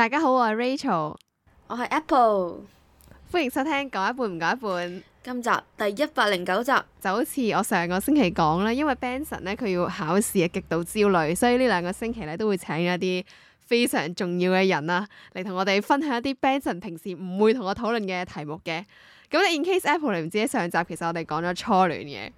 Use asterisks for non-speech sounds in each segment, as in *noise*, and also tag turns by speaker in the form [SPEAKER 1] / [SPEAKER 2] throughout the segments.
[SPEAKER 1] 大家好，我係 Rachel，我係 Apple，歡迎收聽講一半唔講一半，今集第一百零九集就好似我上個星期講啦，因為 Benson 咧佢要考試啊，極度焦慮，所以呢兩個星期咧都會請一啲非常重要嘅人啊，嚟同我哋分享一啲 Benson 平時唔會同我討論嘅題目嘅。咁你 in case Apple 你唔知咧，上集其實我哋講咗初戀嘅，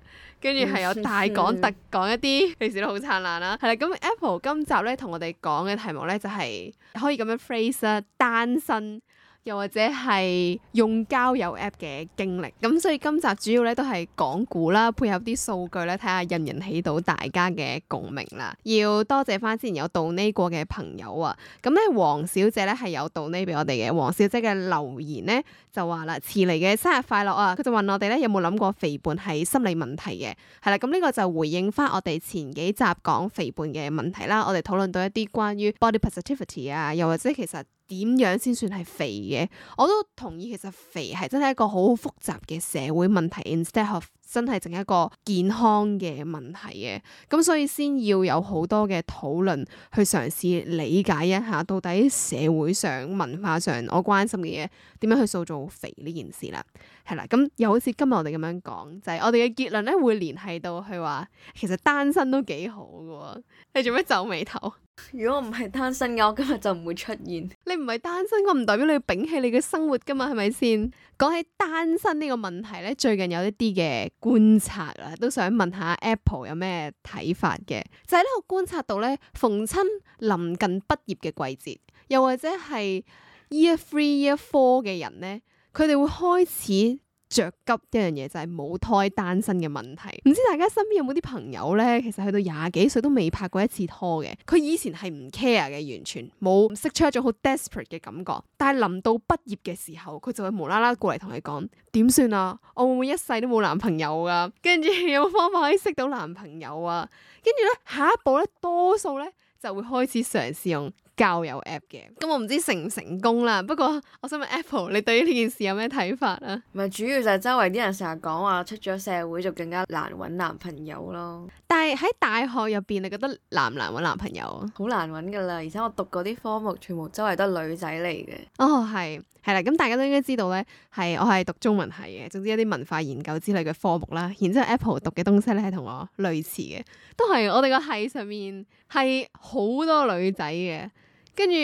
[SPEAKER 1] 跟住係有大講特講一啲，平時都好燦爛啦。係啦，咁 Apple 今集咧同我哋講嘅題目咧就係、是、可以咁樣 phrase 啦、啊，單身。又或者係用交友 App 嘅經歷，咁所以今集主要咧都係講古啦，配合啲數據咧，睇下人人起到大家嘅共鳴啦。要多謝翻之前有 donate 過嘅朋友啊，咁咧黃小姐咧係有 donate 俾我哋嘅，黃小姐嘅留言咧就話啦，遲嚟嘅生日快樂啊！佢就問我哋咧有冇諗過肥胖係心理問題嘅，係啦，咁呢個就回應翻我哋前幾集講肥胖嘅問題啦。我哋討論到一啲關於 body positivity 啊，又或者其實。點樣先算係肥嘅？我都同意，其實肥係真係一個好複雜嘅社會問題，instead of 真係淨係一個健康嘅問題嘅。咁所以先要有好多嘅討論，去嘗試理解一下到底社會上、文化上我關心嘅嘢點樣去塑造肥呢件事啦。係啦，咁又好似今日我哋咁樣講，就係、是、我哋嘅結論咧，會聯繫到佢話，其實單身都幾
[SPEAKER 2] 好喎。你做咩皺眉頭？如果我唔係單身嘅，我今日就唔會出現。
[SPEAKER 1] *laughs* 你唔係單身，我唔代表你要摒棄你嘅生活噶嘛，係咪先？講起單身呢個問題咧，最近有一啲嘅觀察喇，都想問下 Apple 有咩睇法嘅。就喺呢個觀察度咧，逢親臨近畢業嘅季節，又或者係 Year Three、Year Four 嘅人咧。佢哋會開始着急一樣嘢，就係、是、母胎單身嘅問題。唔知大家身邊有冇啲朋友咧，其實去到廿幾歲都未拍過一次拖嘅。佢以前係唔 care 嘅，完全冇識出一種好 desperate 嘅感覺。但係臨到畢業嘅時候，佢就會無啦啦過嚟同你講：點算啊？我會唔會一世都冇男朋友噶、啊？跟住有冇方法可以識到男朋友啊？跟住咧下一步咧，多數咧就會開始嘗試用交友 app 嘅，咁我唔知
[SPEAKER 2] 成唔成功啦。不過我想問 Apple，你對於呢件事有咩睇法啊？唔係主要就係周圍啲人成日講話出咗社會就更加難揾男朋友咯。但係喺大學入邊，你覺得難唔難揾男朋友啊？好難揾噶啦，而且我讀嗰啲科目全部周圍都係女仔嚟嘅。哦，係。
[SPEAKER 1] 係啦，咁大家都應該知道呢，係我係讀中文系嘅，總之一啲文化研究之類嘅科目啦。然之後 Apple 讀嘅東西呢，係同我類似嘅，都係我哋個系上面係好多女仔嘅，跟住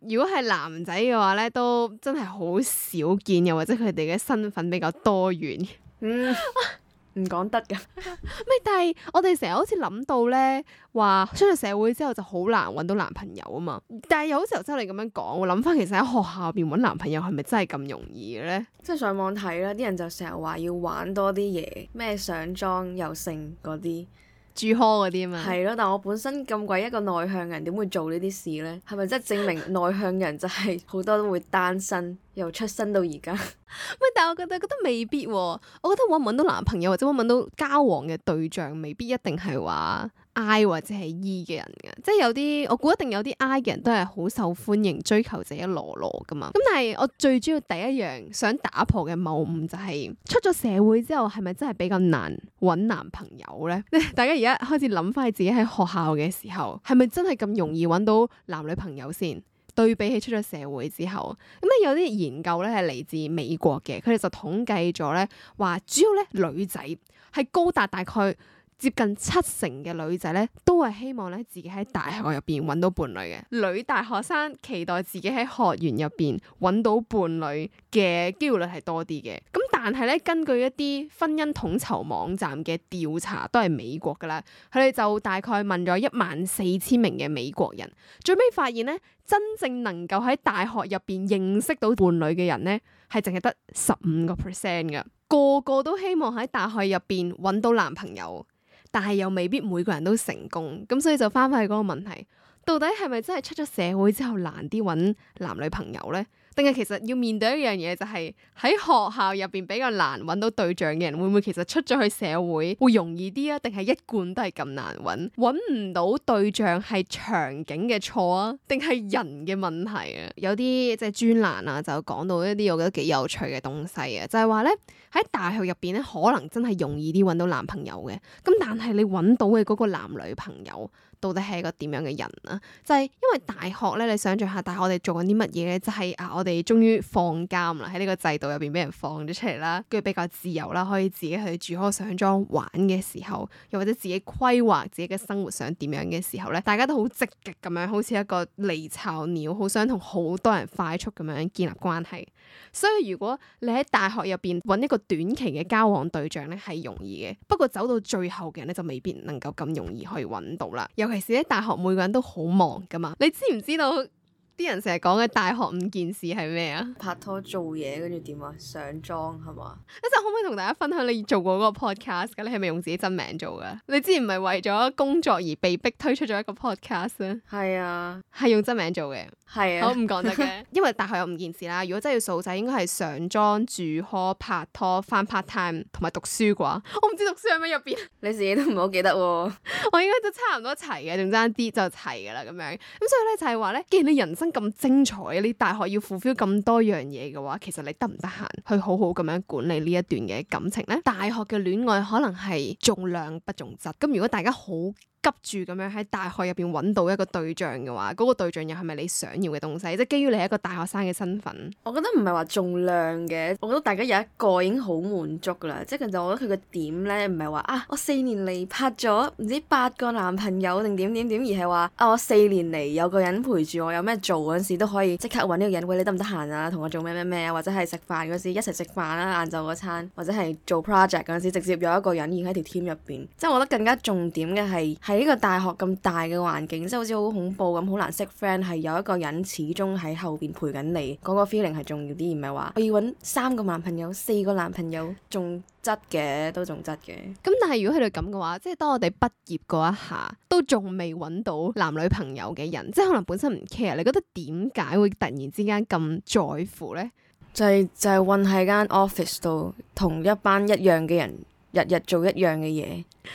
[SPEAKER 1] 如果係男仔嘅話呢，都真係好少見，又或者佢哋嘅身份比較多元。嗯 *laughs* 唔講得㗎，咪 *laughs* 但係我哋成日好似諗到咧，話出咗社會之後就好難揾到男朋友啊嘛。但係又好似頭先你咁樣講，我諗翻其實喺學校入邊揾男朋友係咪真係咁容易
[SPEAKER 2] 嘅咧？即係上網睇啦，啲人就成日話要玩多啲嘢，咩上妝、又剩嗰啲。住呵嗰啲嘛，係咯，但我本身咁鬼一個內向人，點會做呢啲事咧？係咪真係證明內向人就係好多都會單身， *laughs* 由出生到而家？唔係，但係我覺得覺得未必
[SPEAKER 1] 喎，哦，我覺得揾唔到男朋友或者揾唔到交往嘅對象，未必一定係話。I 或者係 E 嘅人嘅，即係有啲，我估一定有啲 I 嘅人都係好受歡迎，追求者一籮籮噶嘛。咁但係我最主要第一樣想打破嘅謬誤就係、是，出咗社會之後，係咪真係比較難揾男朋友咧？大家而家開始諗翻起自己喺學校嘅時候，係咪真係咁容易揾到男女朋友先？對比起出咗社會之後，咁啊有啲研究咧係嚟自美國嘅，佢哋就統計咗咧，話主要咧女仔係高達大概，接近七成嘅女仔咧，都係希望咧自己喺大學入邊揾到伴侶嘅。女大學生期待自己喺學園入邊揾到伴侶嘅機會率係多啲嘅。咁但係咧，根據一啲婚姻統籌網站嘅調查，都係美國噶啦，佢哋就大概問咗一萬四千名嘅美國人，最尾發現咧，真正能夠喺大學入邊認識到伴侶嘅人咧，係淨係得十五個 percent 噶。個個都希望喺大學入邊揾到男朋友。但係又未必每個人都成功，咁所以就翻返去嗰個問題，到底係咪真係出咗社會之後難啲揾男女朋友咧？定係其實要面對一樣嘢，就係喺學校入邊比較難揾到對象嘅人，會唔會其實出咗去社會會容易啲啊？定係一貫都係咁難揾？揾唔到對象係場景嘅錯啊？定係人嘅問題啊？有啲即係專欄啊，就講到一啲我覺得幾有趣嘅東西啊，就係話咧喺大學入邊咧，可能真係容易啲揾到男朋友嘅。咁但係你揾到嘅嗰個男女朋友，到底係一個點樣嘅人啊？就係、是、因為大學咧，你想象下，大學我哋做緊啲乜嘢咧？就係、是、啊，我哋終於放監啦，喺呢個制度入邊俾人放咗出嚟啦，跟住比較自由啦，可以自己去住 hall、上莊玩嘅時候，又或者自己規劃自己嘅生活想點樣嘅時候咧，大家都好積極咁樣，好似一個離巢鳥，好想同好多人快速咁樣建立關係。所以如果你喺大學入邊揾一個短期嘅交往對象咧，係容易嘅，不過走到最後嘅人咧就未必能夠咁容易去揾到啦。尤其是咧，大學每個人都好忙噶嘛。你知唔知道啲人成日講嘅大學五件事係咩啊？拍拖、做嘢，跟住點啊？上妝係嘛？一陣可唔可以同大家分享你做過嗰個 podcast？咁你係咪用自己真名做嘅？你之前唔係為咗工作而被逼推出咗一個 podcast？係啊，係用真名做嘅。係是啊，我唔講得嘅， *laughs* 因為大學有五件事啦。如果真係要數仔，應該係上莊、住 hall、拍拖、翻 part time 同埋讀書啩。我唔知讀書喺咩入邊， *laughs* 你自己都唔好記得、啊。 *laughs* 我應該都差唔多齊嘅，仲爭啲就齊噶啦咁樣。咁所以咧就係話咧，既然你人生咁精彩，你大學要 fulfill 咁多樣嘢嘅話，其實你得唔得閒去好好咁樣管理呢一段嘅感情咧？大學嘅戀愛可能係重量不重質。咁如果大家好，急住咁樣喺大學入邊揾到一個對象嘅話，嗰、那個對象又係咪你想要嘅東西？即係基於你一個大學生嘅身份，
[SPEAKER 2] 我覺得唔係話重量嘅，我覺得大家有一個已經好滿足噶啦。即係其實我覺得佢個點咧，唔係話啊我四年嚟拍咗唔知八個男朋友定點點點，而係話啊我四年嚟有個人陪住我，有咩做嗰陣時都可以即刻揾呢個人。喂，你得唔得閒啊？同我做咩咩咩啊？或者係食飯嗰時一齊食飯啦，晏晝嗰餐，或者係做 project 嗰陣時，直接有一個人已經喺條 team 入邊。即係我覺得更加重點嘅係呢個大學咁大嘅環境，即係好似好恐怖咁，好難識 friend。係有一個人始終喺後邊陪緊你，嗰個 feeling 係重要啲，唔係話我要搵三個男朋友、四個男朋友，仲質嘅都仲質嘅。
[SPEAKER 1] 咁但係如果係你咁嘅話，即係當我哋畢業嗰一下，都仲未搵到男女朋友嘅人，即係可能本身唔 care，你覺得點解會突
[SPEAKER 2] 然之間咁在乎呢？就係就係混喺間 office 度，同一班一樣嘅人。日日做一樣嘅嘢，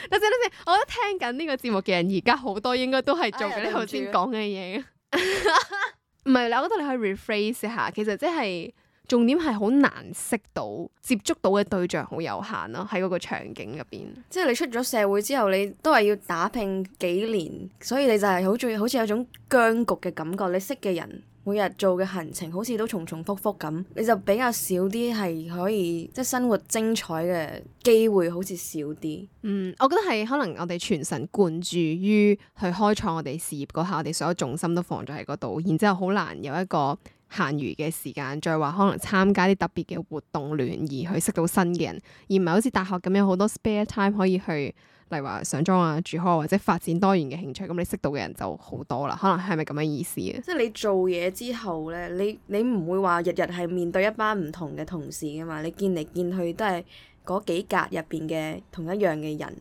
[SPEAKER 1] 等陣等陣，我覺得聽緊呢個節目嘅人而家好多應該都係做緊你頭先講嘅嘢，唔係，哎， *laughs* 我覺得你可以 rephrase 下，其實即係重點係好難識到、接觸到嘅對象好有限咯，啊，喺嗰個場景入邊，
[SPEAKER 2] 即係你出咗社會之後，你都係要打拼幾年，所以你就係好中意，好似有種僵局嘅感覺，你識嘅人。每日做嘅行程好似都重重複複咁，你就比較少啲係可以即係生活精彩嘅機會好，好似少啲。嗯，我覺得係可能我哋全神貫注
[SPEAKER 1] 於去開創我哋事業嗰下，我哋所有重心都放咗喺嗰度，然之後好難有一個閒餘嘅時間，再話可能參加啲特別嘅活動聯誼去識到新嘅人，而唔係好似大學咁樣有好多 spare time 可以去。例如話上妝啊、住開、啊、或者發展多元嘅興趣，咁你識到嘅人就好多啦。可能係咪咁嘅意思啊？
[SPEAKER 2] 即係你做嘢之後咧，你你唔會話日日係面對一班唔同嘅同事噶嘛？你見嚟見去都係嗰幾格入邊嘅同一樣嘅人，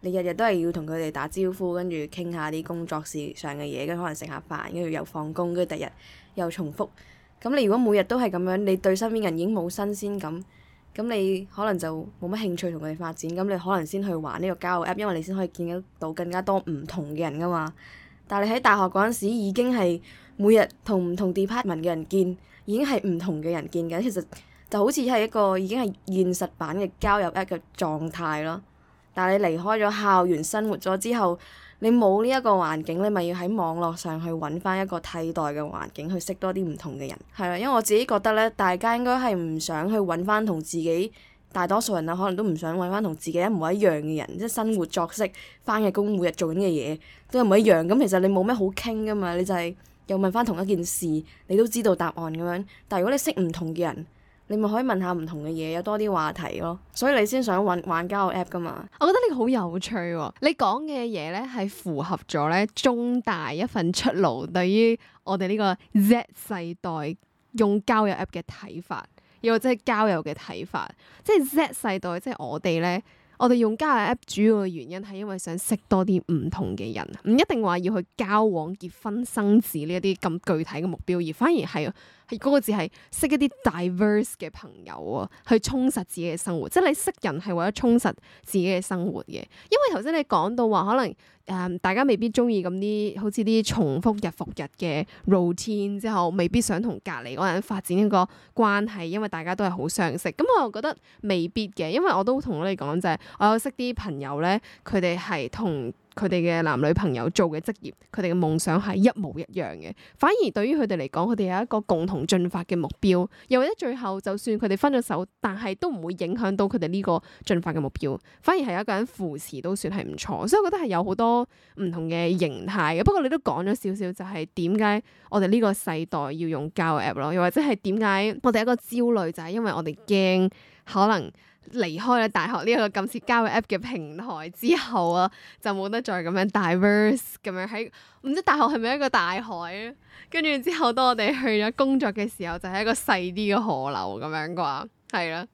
[SPEAKER 2] 你日日都係要同佢哋打招呼，跟住傾下啲工作事上嘅嘢，跟住可能食下飯，跟住又放工，跟住第日又重複。咁你如果每日都係咁樣，你對身邊人已經冇新鮮感。咁你可能就冇乜興趣同佢哋發展，咁你可能先去玩呢個交友 app，因為你先可以見得到更加多唔同嘅人噶嘛。但係你喺大學嗰陣時已經係每日同唔同 department 嘅人見，已經係唔同嘅人見嘅，其實就好似係一個已經係現實版嘅交友 app 嘅狀態咯。但係你離開咗校園生活咗之後，你冇呢一個環境，你咪要喺網絡上去揾翻一個替代嘅環境，去識多啲唔同嘅人，係啦。因為我自己覺得咧，大家應該係唔想去揾翻同自己大多數人啊，可能都唔想揾翻同自己一模一樣嘅人，即係生活作息、翻嘅工、每日做緊嘅嘢都唔一樣。咁其實你冇咩好傾噶嘛，你就係又問翻同一件事，你都知道答案咁樣。但係如果你識唔同嘅人，你咪可以問下唔同嘅嘢，有多啲話題咯，所以你先想玩玩交友 app 噶嘛？我覺得呢個好有趣喎，你講嘅嘢咧係
[SPEAKER 1] 符合咗咧中大一份出路，對於我哋呢個 Z 世代用交友 app 嘅睇法，又或者係交友嘅睇法，即係 Z 世代，即係我哋咧，我哋用交友 app 主要嘅原因係因為想識多啲唔同嘅人，唔一定話要去交往、結婚、生子呢一啲咁具體嘅目標，而反而係。係嗰個字係識一啲 diverse 嘅朋友啊，去充實自己嘅生活。即係你識人係為咗充實自己嘅生活嘅，因為頭先你講到話可能誒、呃、大家未必中意咁啲好似啲重複日復日嘅 routine 之後，未必想同隔離嗰人發展一個關係，因為大家都係好相識。咁我又覺得未必嘅，因為我都同你講就係、是、我有識啲朋友咧，佢哋係同。佢哋嘅男女朋友做嘅職業，佢哋嘅夢想係一模一樣嘅，反而對於佢哋嚟講，佢哋有一個共同進發嘅目標。又或者最後就算佢哋分咗手，但係都唔會影響到佢哋呢個進發嘅目標，反而係一個人扶持都算係唔錯。所以我覺得係有好多唔同嘅形態嘅。不過你都講咗少少，就係點解我哋呢個世代要用交友 app 咯？又或者係點解我哋一個焦慮，就係因為我哋驚可能。離開咗大學呢一個咁似交友 App 嘅平台之後啊，就冇得再咁樣 diverse 咁樣喺唔知大學係咪一個大海啊？跟住之後當我哋去咗工作嘅時候，就係一個細啲嘅河流咁樣啩，係啦、啊。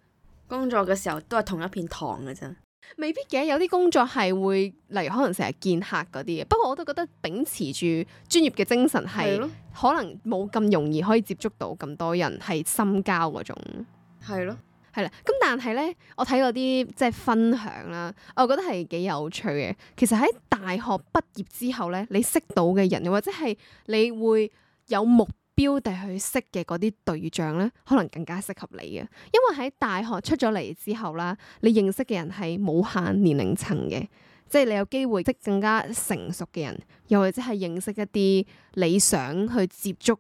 [SPEAKER 1] 工作嘅時候都
[SPEAKER 2] 係同一片塘嘅咋，
[SPEAKER 1] 未必嘅，有啲工作係會，例如可能成日見客嗰啲嘅。不過我都覺得秉持住專業嘅精神係，可能冇咁容易可以接觸到咁多人係深交嗰種。
[SPEAKER 2] 係咯、啊。
[SPEAKER 1] 係啦，咁但係咧，我睇過啲即係分享啦，我覺得係幾有趣嘅。其實喺大學畢業之後咧，你識到嘅人，又或者係你會有目標地去識嘅嗰啲對象咧，可能更加適合你嘅。因為喺大學出咗嚟之後啦，你認識嘅人係冇限年齡層嘅，即係你有機會識更加成熟嘅人，又或者係認識一啲你想去接觸、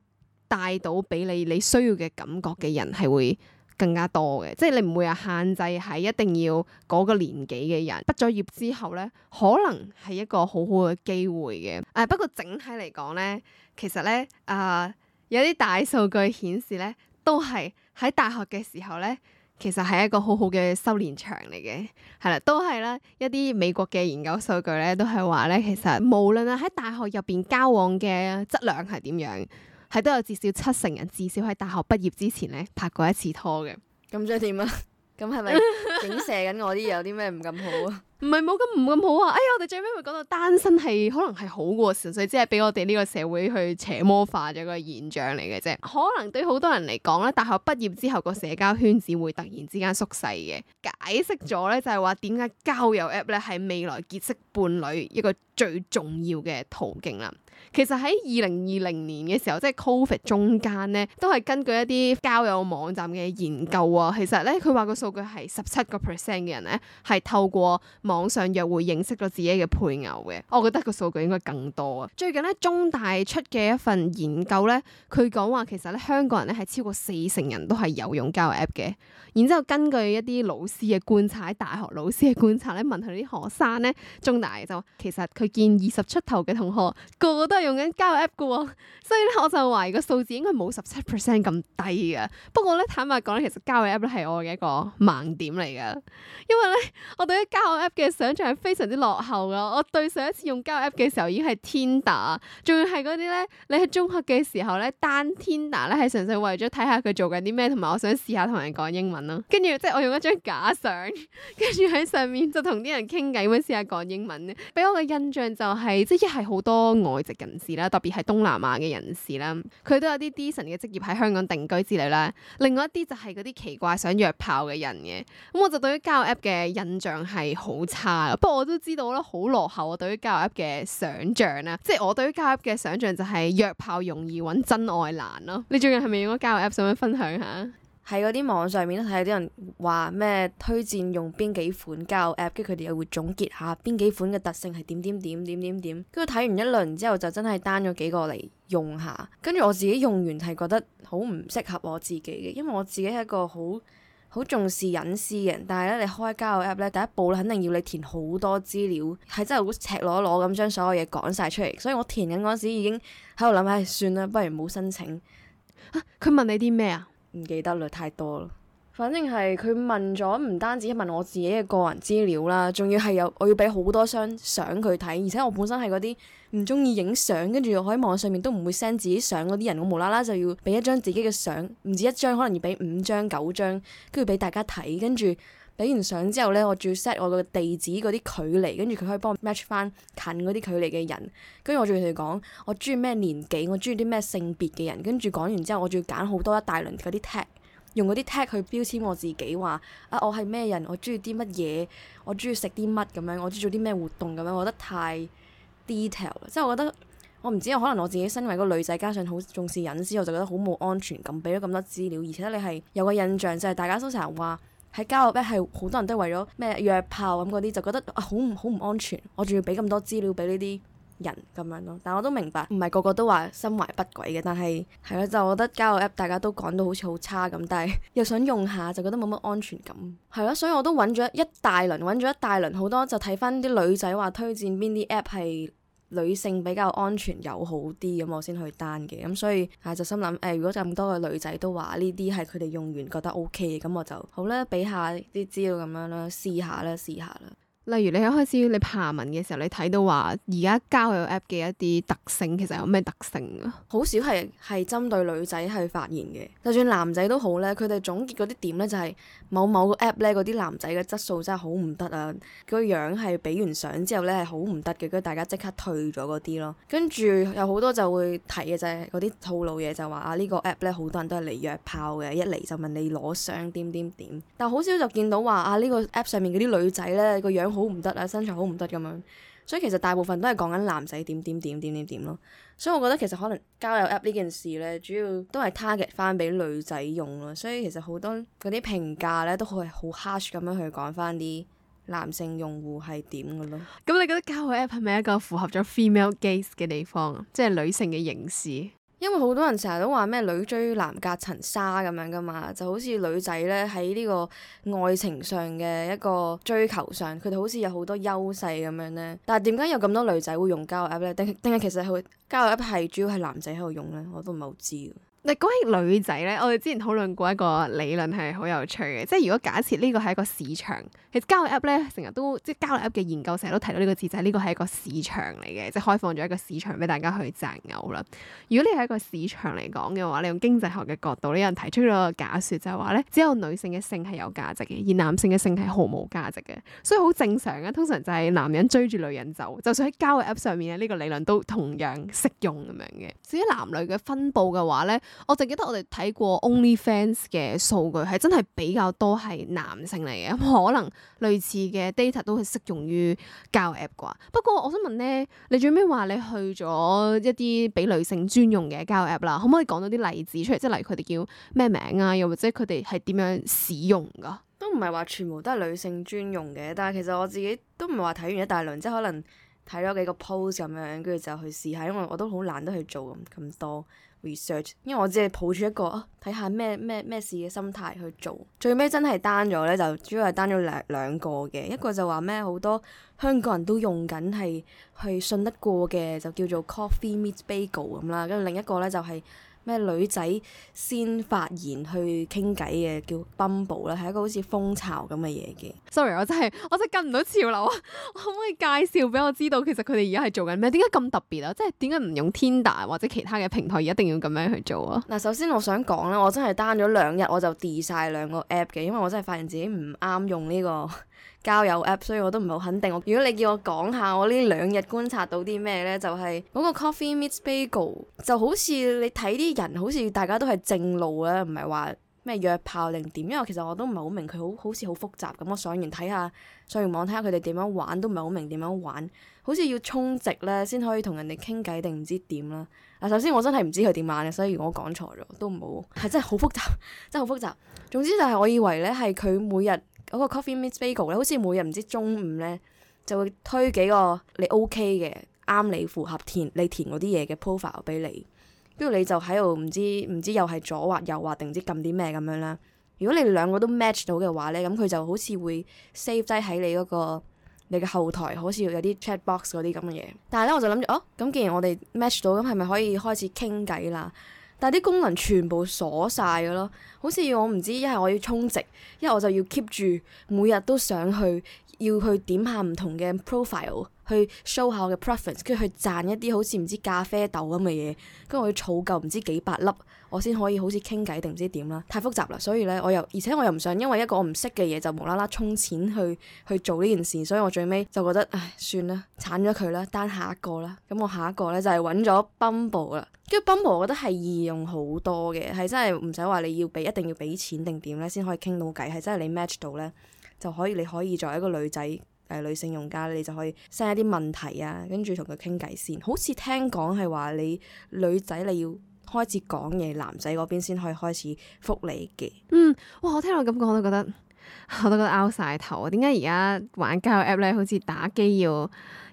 [SPEAKER 1] 帶到俾你你需要嘅感覺嘅人，係會。更加多嘅，即係你唔會話限制喺一定要嗰個年紀嘅人，畢咗業之後咧，可能係一個好好嘅機會嘅。誒，不過整體嚟講咧，其實咧，誒、呃，有啲大數據顯示咧，都係喺大學嘅時候咧，其實係一個好好嘅修煉場嚟嘅。係啦，都係啦，一啲美國嘅研究數據咧，都係話咧，其實無論啊喺大學入邊交往嘅質量係點樣。係都有至少七成人至少喺大學畢業之前咧拍過一次拖嘅。
[SPEAKER 2] 咁即係點啊？咁係咪影射緊我啲有啲咩唔咁好啊？唔係冇咁唔咁好啊！哎呀，我哋最尾會講到單身係
[SPEAKER 1] 可能係好嘅，純粹即係俾我哋呢個社會去邪魔化咗個現象嚟嘅啫。 *laughs* 可能對好多人嚟講咧，大學畢業之後個社交圈子會突然之間縮細嘅。解釋咗咧就係話點解交友 App 咧係未來結識伴侶一個最重要嘅途徑啦，其實喺二零二零年嘅時候，即係 COVID 中間咧，都係根據一啲交友網站嘅研究啊。其實咧，佢話個數據係十七個 percent 嘅人咧，係透過網上約會認識到自己嘅配偶嘅。我覺得個數據應該更多啊。最近咧，中大出嘅一份研究咧，佢講話其實咧，香港人咧係超過四成人都係有用交友 app 嘅。然之後根據一啲老師嘅觀察，大學老師嘅觀察咧，問佢啲學生咧，中大就話其實佢見二十出頭嘅同學個個都係用緊交友 App 㗎喎， *laughs* 所以咧我就懷疑個數字應該冇十七 percent 咁低㗎。不過咧坦白講咧，其實交友 App 咧係我嘅一個盲點嚟㗎，因為咧我對於交友 App 嘅想像係非常之落後㗎。我對上一次用交友 App 嘅時候已經係 Tinder，仲要係嗰啲咧，你喺中學嘅時候咧單 Tinder 咧係純粹為咗睇下佢做緊啲咩，同埋我想試下同人講英文咯。跟住即係我用一張假相，跟住喺上面就同啲人傾偈咁樣試下講英文咧，俾我嘅印象。就就是、係，即係一係好多外籍人士啦，特別係東南亞嘅人士啦，佢都有啲 decent 嘅職業，喺香港定居之類啦。另外一啲就係嗰啲奇怪想約炮嘅人嘅。咁我就對於交友 App 嘅印象係好差咯。不過我都知道啦，好落後啊。對於交友 App 嘅想像啦，即係我對於交友 App 嘅想、就係、想像就係約炮容易揾真愛難咯。你最近係
[SPEAKER 2] 咪用咗交友 App？想唔想分享下？喺嗰啲網上面都睇到啲人話咩推薦用邊幾款交友 app，跟住佢哋又會總結下邊幾款嘅特性係點點點點點點。跟住睇完一輪之後，就真係 down 咗幾個嚟用下。跟住我自己用完係覺得好唔適合我自己嘅，因為我自己係一個好好重視隱私嘅人。但係咧，你開交友 app 咧，第一步咧肯定要你填好多資料，係真係好赤裸裸咁將所有嘢講晒出嚟。所以我填緊嗰時已經喺度諗，唉、哎，算啦，不如唔好申請。佢、啊、問你啲咩啊？唔記得嘞，太多啦。反正係佢問咗，唔單止係問我自己嘅個人資料啦，仲要係有我要俾好多張相佢睇，而且我本身係嗰啲唔中意影相，跟住喺網上面都唔會 send 自己相嗰啲人，我無啦啦就要俾一張自己嘅相，唔止一張，可能要俾五張九張，跟住俾大家睇，跟住。俾完相之後咧，我仲要 set 我個地址嗰啲距離，跟住佢可以幫我 match 翻近嗰啲距離嘅人。跟住我仲要同佢講，我中意咩年紀，我中意啲咩性別嘅人。跟住講完之後，我仲要揀好多一大輪嗰啲 tag，用嗰啲 tag 去標籤我自己話啊，我係咩人，我中意啲乜嘢，我中意食啲乜咁樣，我中意做啲咩活動咁樣。我覺得太 detail 啦，即係我覺得我唔知，可能我自己身為個女仔，加上好重視隱私，我就覺得好冇安全感，俾咗咁多資料，而且你係有個印象就係大家搜查話。喺交友 app 係好多人都為咗咩約炮咁嗰啲，就覺得啊好唔好唔安全，我仲要俾咁多資料俾呢啲人咁樣咯。但我都明白，唔係個個都話心懷不軌嘅，但係係咯，就我覺得交友 app 大家都講到好似好差咁，但係又想用下，就覺得冇乜安全感，係咯。所以我都揾咗一大輪，揾咗一大輪好多，就睇翻啲女仔話推薦邊啲 app 係。女性比較安全友好啲，咁我先去 down 嘅。咁所以啊就心諗，誒、哎、如果咁多個女仔都話呢啲係佢哋用完覺得 O K 嘅，咁我就好啦，俾下啲資料咁樣啦，試下啦，試下啦。
[SPEAKER 1] 例如你一開始你爬文嘅時候，你睇到話而家交友 App 嘅一啲特性，其實有咩特性啊？
[SPEAKER 2] 好少係係針對女仔去發言嘅，就算男仔都好咧，佢哋總結嗰啲點咧就係某某個 App 咧嗰啲男仔嘅質素真係好唔得啊！個樣係俾完相之後咧係好唔得嘅，跟住大家即刻退咗嗰啲咯。跟住有好多就會睇嘅就係嗰啲套路嘢，就話啊呢個 App 咧好多人都係嚟約炮嘅，一嚟就問你攞相點點點。點但好少就見到話啊呢個 App 上面嗰啲女仔咧個樣好。好唔得啊，身材好唔得咁樣，所以其實大部分都係講緊男仔點點點點點點咯，所以我覺得其實可能交友 app 呢件事咧，主要都係 target 翻俾女仔用咯，所以其實好多嗰啲評價咧都係好 harsh 咁樣去講翻啲男性用戶係點噶咯，
[SPEAKER 1] 咁你覺得交友 app 係咪一個符合咗 female gaze 嘅地方啊？即係女性嘅凝視。
[SPEAKER 2] 因為好多人成日都話咩女追男隔層紗咁樣㗎嘛，就好似女仔咧喺呢個愛情上嘅一個追求上，佢哋好似有好多優勢咁樣咧。但係點解有咁多女仔會用交友 app 咧？定係定係其實係交友 app 係主要係男仔喺度用咧？我都唔係好知。嗱，講起女
[SPEAKER 1] 仔咧，我哋之前討論過一個理論係好有趣嘅，即係如果假設呢個係一個市場，其實交友 App 咧成日都即係交友 App 嘅研究成日都提到呢個字，就係呢個係一個市場嚟嘅，即係開放咗一個市場俾大家去擇偶啦。如果你係一個市場嚟講嘅話，你用經濟學嘅角度，有人提出咗個假說，就係話咧，只有女性嘅性係有價值嘅，而男性嘅性係毫無價值嘅，所以好正常呀。通常就係男人追住女人走，就算喺交友 App 上面咧，呢個理論都同樣適用咁樣嘅。至於男女嘅分佈嘅話咧，我凈記得我哋睇過 OnlyFans 嘅數據係真係比較多係男性嚟嘅，咁可能類似嘅 data 都係適用於交友 app 啩。不過我想問咧，你最尾話你去咗一啲俾女性專用嘅交友 app 啦，可唔可以講多啲例子出嚟？即係例如佢哋叫咩名啊，又或者佢哋係點樣使用噶？
[SPEAKER 2] 都唔係話全部都係女性專用嘅，但係其實我自己都唔係話睇完一大輪，即係可能睇咗幾個 post 咁樣，跟住就去試下，因為我都好懶得去做咁咁多。Research，因為我只係抱住一個啊，睇下咩咩咩事嘅心態去做，最尾真係 down 咗咧，就主要係 down 咗兩兩個嘅，一個就話咩好多香港人都用緊係去信得過嘅，就叫做 coffee meets bagel 咁啦，跟住另一個咧就係、是。咩女仔先發言去傾偈嘅叫 Bumble 啦，係一個好似蜂巢咁嘅嘢嘅。Sorry，我真係
[SPEAKER 1] 我真係跟唔到潮流啊！ *laughs* 可唔可以介紹俾我知道，其實佢哋而家係做緊咩？點解咁特別啊？即係點解唔用 Tinder 或者其他嘅平台而一定要咁樣去做啊？
[SPEAKER 2] 嗱，首先我想講咧，我真係 down 咗兩日，我就 delete 晒兩個 app 嘅，因為我真係發現自己唔啱用呢個。交友 app，所以我都唔係好肯定。如果你叫我講下我呢兩日觀察到啲咩呢？就係嗰個 Coffee Meets Bagel 就好似你睇啲人，好似大家都係正路啊，唔係話咩約炮定點。因為其實我都唔係好明佢好好似好複雜咁。我上完睇下上完網睇下佢哋點樣玩，都唔係好明點樣玩。好似要充值呢，先可以同人哋傾偈定唔知點啦。嗱，首先我真係唔知佢點玩嘅，所以如果我講錯咗都唔好。係真係好複雜， *laughs* 真係好複雜。總之就係我以為呢係佢每日。嗰個 Coffee Meets Bagel 咧，好似每日唔知中午咧，就會推幾個你 OK 嘅啱你符合填你填嗰啲嘢嘅 profile 俾你，跟住你就喺度唔知唔知又係左滑右滑定唔知撳啲咩咁樣啦。如果你兩個都 match 到嘅話咧，咁佢就好似會 save 低喺你嗰、嗰個你嘅後台，好似有啲 chat box 嗰啲咁嘅嘢。但係咧，我就諗住，哦，咁既然我哋 match 到，咁係咪可以開始傾偈啦？但啲功能全部鎖晒㗎囉，好似我唔知一係我要充值，一係我就要 keep 住每日都上去。要去點下唔同嘅 profile，去 show 下我嘅 preference，跟住去賺一啲好似唔知咖啡豆咁嘅嘢，跟住我要儲夠唔知幾百粒，我先可以好似傾偈定唔知點啦，太複雜啦，所以咧我又而且我又唔想因為一個我唔識嘅嘢就無啦啦充錢去去做呢件事，所以我最尾就覺得唉算啦，鏟咗佢啦，單下一個啦，咁我下一個咧就係、是、搵咗 Bumble 啦，跟住 Bumble 我覺得係易用好多嘅，係真係唔使話你要俾一定要俾錢定點咧先可以傾到偈，係真係你 match 到咧。就可以，你可以作為一個女仔，誒、呃、女性用家，你就可以 send 一啲問題啊，跟住同佢傾偈先。好似聽講係話，你女仔你要開始講嘢，男仔嗰邊先可以開始覆你嘅。
[SPEAKER 1] 嗯，哇！我聽到咁講，我都
[SPEAKER 2] 覺得，我都覺得 out 曬頭
[SPEAKER 1] 啊！點解而家玩交友 app 咧，好似打機要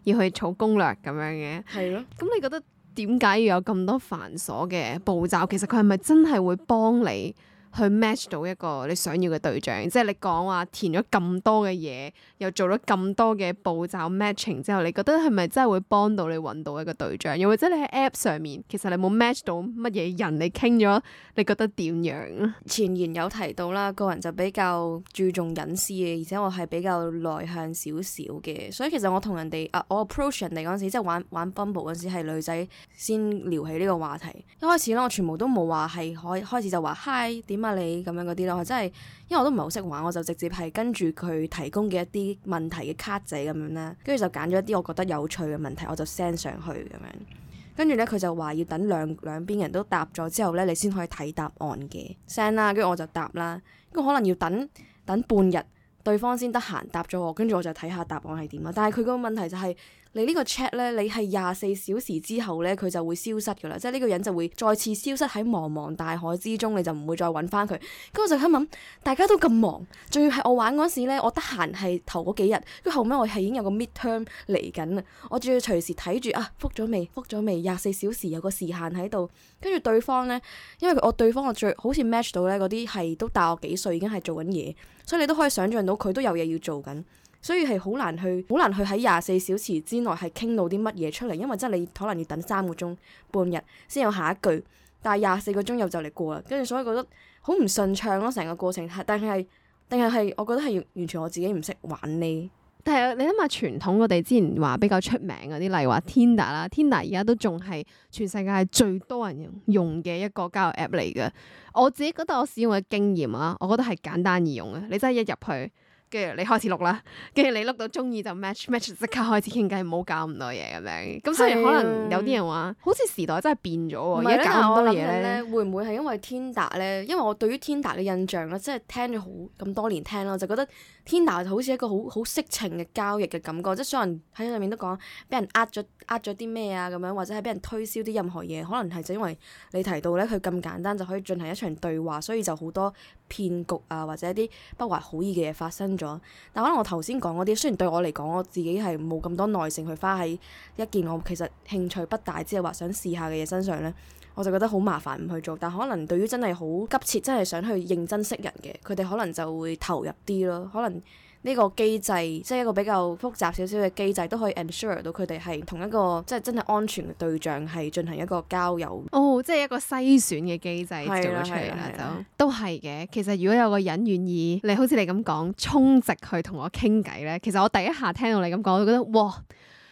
[SPEAKER 1] 要去草攻略咁樣嘅？係咯的。咁你覺得點解要有咁多繁瑣嘅步驟？其實佢係咪真係會幫你？去 match 到一個你想要嘅對象，即係你講話填咗咁多嘅嘢，又做咗咁多嘅步驟 matching 之後，你覺得係咪真係會幫到你揾到一個對象？又或者你喺 app 上面，其實你冇 match 到乜嘢人，你傾咗，你覺得
[SPEAKER 2] 點樣啊？前言有提到啦，個人就比較注重隱私嘅，而且我係比較內向少少嘅，所以其實我同人哋啊，我 approach 人哋嗰陣時，即係玩玩 bumble 嗰陣時，係女仔先聊起呢個話題，一開始咧，我全部都冇話係開，開始就話 hi 點啊。你咁樣嗰啲咯，即係，因為我都唔係好識玩，我就直接係跟住佢提供嘅一啲問題嘅卡仔咁樣啦，跟住就揀咗一啲我覺得有趣嘅問題，我就 send 上去咁樣，跟住咧佢就話要等兩兩邊人都答咗之後咧，你先可以睇答案嘅，send 啦，跟住我就答啦，咁可能要等等半日，對方先得閒答咗我，跟住我就睇下答案係點呀，但係佢個問題就係……你個 check 呢個 chat 咧，你係廿四小時之後咧，佢就會消失噶啦，即係呢個人就會再次消失喺茫茫大海之中，你就唔會再揾翻佢。咁我就喺諗，大家都咁忙，仲要係我玩嗰時咧，我得閒係頭嗰幾日，跟住後尾我係已經有個 midterm 嚟緊啦，我仲要隨時睇住啊，覆咗未？覆咗未？廿四小時有個時限喺度，跟住對方咧，因為我對方我最好似 match 到咧嗰啲係都大我幾歲，已經係做緊嘢，所以你都可以想像到佢都有嘢要做緊。所以係好難去，好難去喺廿四小時之內係傾到啲乜嘢出嚟，因為真係你可能要等三個鐘半日先有下一句，但係廿四個鐘又就嚟過啦，跟住所以覺得好唔順暢咯，成個過程係，但係係，定係係，我覺得係完全我自己唔識玩呢。
[SPEAKER 1] 但係你諗下傳統，我哋之前話比較出名嗰啲，例如話 Tinder 啦，Tinder 而家都仲係全世界最多人用嘅一個交友 app 嚟嘅。我自己覺得我使用嘅經驗啊，我覺得係簡單易用啊。你真係一入去。跟住你開始錄啦，跟住你錄到鍾意就 atch, match match，即刻開始傾偈，唔好、嗯、搞咁多嘢咁樣。咁所以可能有啲人話，好似時代真係變咗
[SPEAKER 2] 喎，而家搞咁多嘢咧。會唔會係因為 Tinder 咧？因為我對於 Tinder 嘅印象咧，即係聽咗好咁多年聽啦，就覺得 Tinder 就好似一個好好色情嘅交易嘅感覺。即係所有人喺入面都講，俾人呃咗呃咗啲咩啊咁樣，或者係俾人推銷啲任何嘢，可能係就因為你提到咧，佢咁簡單就可以進行一場對話，所以就好多。騙局啊，或者一啲不懷好意嘅嘢發生咗。但可能我頭先講嗰啲，雖然對我嚟講，我自己係冇咁多耐性去花喺一件我其實興趣不大，只係話想試下嘅嘢身上咧，我就覺得好麻煩唔去做。但可能對於真係好急切、真係想去認真識人嘅，佢哋可能就會投入啲咯，可能。呢個機制即係一個比較複雜少少嘅機制，都可以 ensure 到佢哋係同一個，即係真係安全嘅對象係進行一個交友。
[SPEAKER 1] 哦，即係一個篩選嘅機制做咗出嚟啦，就都係嘅。其實如果有個人願意，你好似你咁講充值去同我傾偈咧，其實我第一下聽到你咁講，我覺得哇～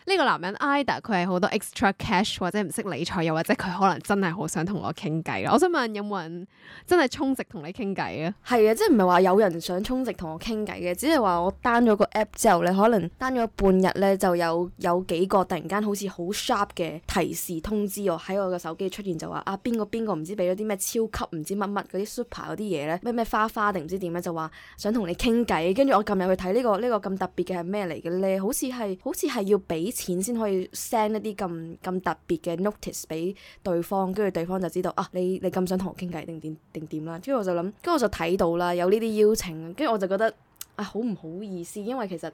[SPEAKER 1] 呢個男人 either 佢係好多 extra cash 或者唔識理財，又或者佢可能真係好想同我傾偈咯。我想
[SPEAKER 2] 問有冇人真係充值同你傾偈啊？係啊，即係唔係話有人想充值同我傾偈嘅？只係話我 down 咗個 app 之後咧，你可能 down 咗半日咧，就有有幾個突然間好似好 sharp 嘅提示通知我喺我嘅手機出現，就話啊邊個邊個唔知俾咗啲咩超級唔知乜乜嗰啲 super 嗰啲嘢咧？咩咩花花定唔知點咧？就話想同你傾偈，跟住我撳入去睇呢個呢個咁特別嘅係咩嚟嘅咧？好似係好似係要俾。錢先可以 send 一啲咁咁特別嘅 notice 俾對方，跟住對方就知道啊，你你咁想同我傾偈定點定點啦。跟住我就諗，跟住我就睇到啦，有呢啲邀請，跟住我就覺得啊，好唔好意思，因為其實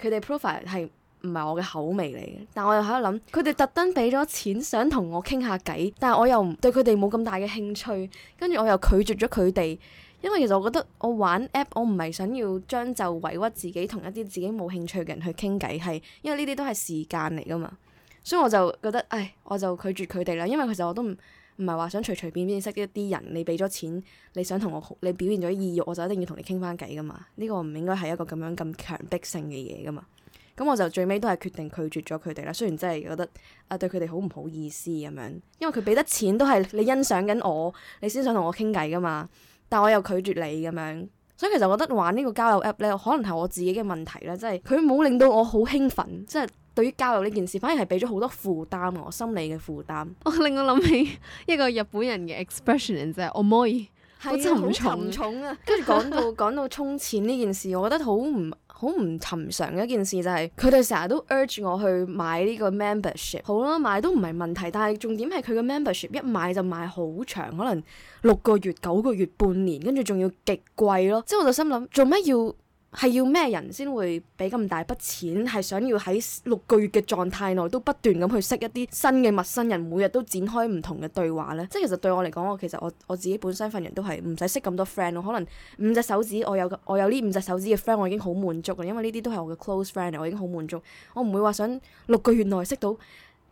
[SPEAKER 2] 佢哋 profile 係唔係我嘅口味嚟嘅，但我又喺度諗，佢哋特登俾咗錢想同我傾下偈，但係我又對佢哋冇咁大嘅興趣，跟住我又拒絕咗佢哋。因為其實我覺得我玩 app，我唔係想要將就委屈自己，同一啲自己冇興趣嘅人去傾偈，係因為呢啲都係時間嚟噶嘛。所以我就覺得，唉，我就拒絕佢哋啦。因為其實我都唔唔係話想隨隨便便識一啲人。你俾咗錢，你想同我，你表現咗意欲，我就一定要同你傾翻偈噶嘛。呢個唔應該係一個咁樣咁強迫性嘅嘢噶嘛。咁我就最尾都係決定拒絕咗佢哋啦。雖然真係覺得啊，對佢哋好唔好意思咁樣，因為佢俾得錢都係你欣賞緊我，你先想同我傾偈噶嘛。但我又拒絕你咁樣，所以其實我覺得玩呢個交友 app 咧，可能係我自己嘅問題啦，即係佢冇令到我好興奮，即係對於交友呢件事反而係俾咗好多負擔我心理嘅負擔，我令我諗起一個日本人嘅 expression 就係 omoi，好沉重，好沉重啊，跟住講到講 *laughs* 到充錢呢件事，我覺得好唔～好唔尋常嘅一件事，就係佢哋成日都 urge 我去買呢個 membership，好啦，買都唔係問題，但係重點係佢個 membership 一買就買好長，可能六個月、九個月、半年，跟住仲要極貴咯，即係我就心諗做咩要？係要咩人先會俾咁大筆錢？係想要喺六個月嘅狀態內都不斷咁去識一啲新嘅陌生人，每日都展開唔同嘅對話咧。即係其實對我嚟講，我其實我我自己本身份人都係唔使識咁多 friend 咯。可能五隻手指我有，我有呢五隻手指嘅 friend，我已經好滿足啦。因為呢啲都係我嘅 close friend，我已經好滿足。我唔會話想六個月內識到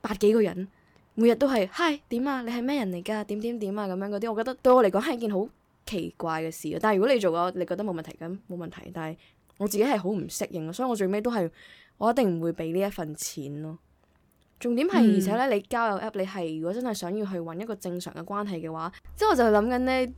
[SPEAKER 2] 百幾個人，每日都係 hi 點啊，你係咩人嚟噶？點點點啊咁樣嗰啲，我覺得對我嚟講係一件好奇怪嘅事。但係如果你做過，你覺得冇問題咁冇問題，但係。我自己係好唔適應，所以我最尾都係我一定唔會俾呢一份錢咯。重點係而且咧，你交友 app 你係如果真係想要去搵一個正常嘅關係嘅話，即係我就諗緊呢，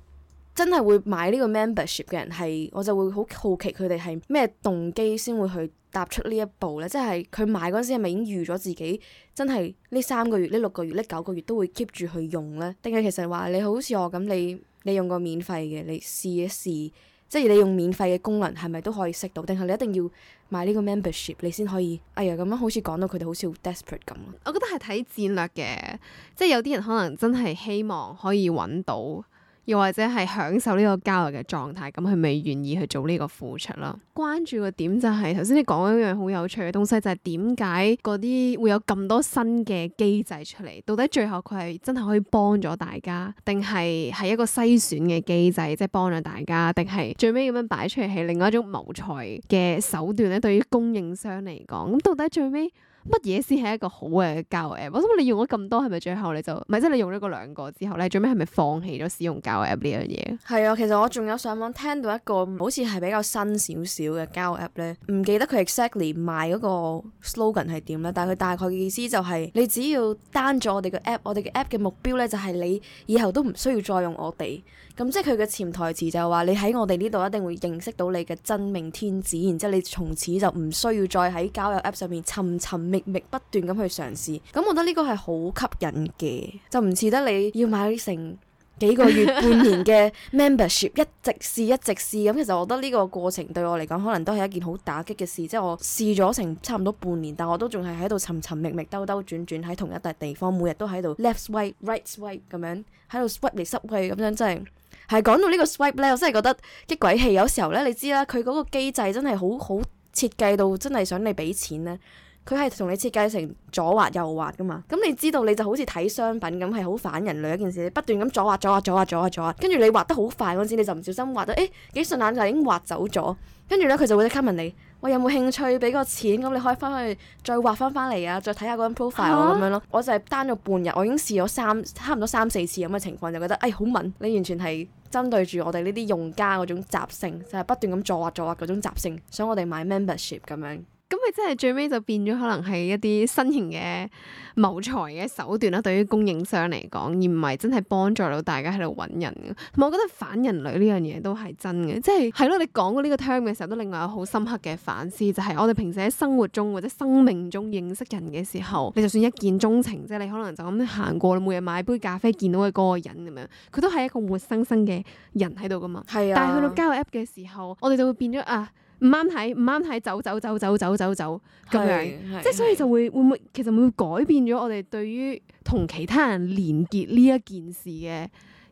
[SPEAKER 2] 真係會買呢個 membership 嘅人係，我就會好好奇佢哋係咩動機先會去踏出呢一步咧。即係佢買嗰陣時係咪已經預咗自己真係呢三個月、呢六個月、呢九個月都會 keep 住去用咧？定係其實話你好似我咁，你你用個免費嘅，你試一試。即係你用免費嘅功能係咪都可以識到？定係你一定要買呢個 membership，你先可以。哎呀，咁樣好似講到佢哋好似好 desperate 咁。
[SPEAKER 1] 我覺得係睇戰略嘅，即係有啲人可能真係希望可以揾到。又或者係享受呢個交流嘅狀態，咁佢咪願意去做呢個付出咯？關注個點就係頭先你講一樣好有趣嘅東西，就係，就係點解嗰啲會有咁多新嘅機制出嚟？到底最後佢係真係可以幫咗大家，定係係一個篩選嘅機制，即係幫咗大家，定係最尾咁樣擺出嚟係另外一種謀財嘅手段咧？對於供應商嚟講，咁到底最尾？乜嘢先係一個好嘅交友 app？我想問你用咗咁多，係咪最後你就唔係即係你用咗個兩個之後咧，最尾係咪放棄咗使用交友 app 呢樣嘢？
[SPEAKER 2] 係啊，其實我仲有上網聽到一個好似係比較新少少嘅交友 app 咧，唔記得佢 exactly 賣嗰個 slogan 係點啦，但係佢大概嘅意思就係、是、你只要 down 咗我哋嘅 app，我哋嘅 app 嘅目標咧就係你以後都唔需要再用我哋。咁即係佢嘅潛台詞就係話：你喺我哋呢度一定會認識到你嘅真命天子，然之後你從此就唔需要再喺交友 App 上面尋尋覓覓不斷咁去嘗試。咁我覺得呢個係好吸引嘅，就唔似得你要買成幾個月、半年嘅 membership 一直試一直試。咁其實我覺得呢個過程對我嚟講，可能都係一件好打擊嘅事。即係我試咗成差唔多半年，但我都仲係喺度尋尋覓覓、兜兜轉轉喺同一笪地方，每日都喺度 left swipe、right swipe 咁樣喺度 swipe 嚟 swipe 去，咁樣真係～係講到呢個 swipe 咧，我真係覺得激鬼氣。有時候咧，你知啦，佢嗰個機制真係好好設計到，真係想你俾錢咧。佢係同你設計成左滑右滑噶嘛。咁你知道你就好似睇商品咁，係好反人類一件事。不斷咁左滑左滑左滑左滑左滑左滑，跟住你滑得好快嗰陣時，你就唔小心滑到，誒、欸、幾順眼就已經滑走咗。跟住咧，佢就會問你。我有冇興趣俾個錢？咁你可以翻去再畫翻翻嚟啊，再睇下嗰張 profile 咁樣咯。我就係單咗半日，我已經試咗三差唔多三四次咁嘅情況，就覺得誒好悶。你完全係針對住我哋呢啲用家嗰種習性，就係不斷咁作畫作畫嗰種習性，想我哋買 membership 咁樣。咁咪即係最尾就變咗可能係一啲新型嘅謀財
[SPEAKER 1] 嘅手段啦，對於供應商嚟講，而唔係真係幫助到大家喺度揾人嘅。同埋，我覺得反人類呢樣嘢都係真嘅，即係係咯。你講過呢個 term 嘅時候，都另外有好深刻嘅反思，就係、是、我哋平時喺生活中或者生命中認識人嘅時候，你就算一見鍾情，即係你可能就咁行過，每日買杯咖啡見到嘅嗰個人咁樣，佢都係一個活生生嘅人喺度㗎嘛。啊、但係去到交友 app 嘅時候，我哋就會變咗啊。唔啱睇，唔啱睇，走走走走走走走，咁樣，即所以就會，會唔會其實會唔會改變咗我哋對於同其他人連結呢一件事嘅。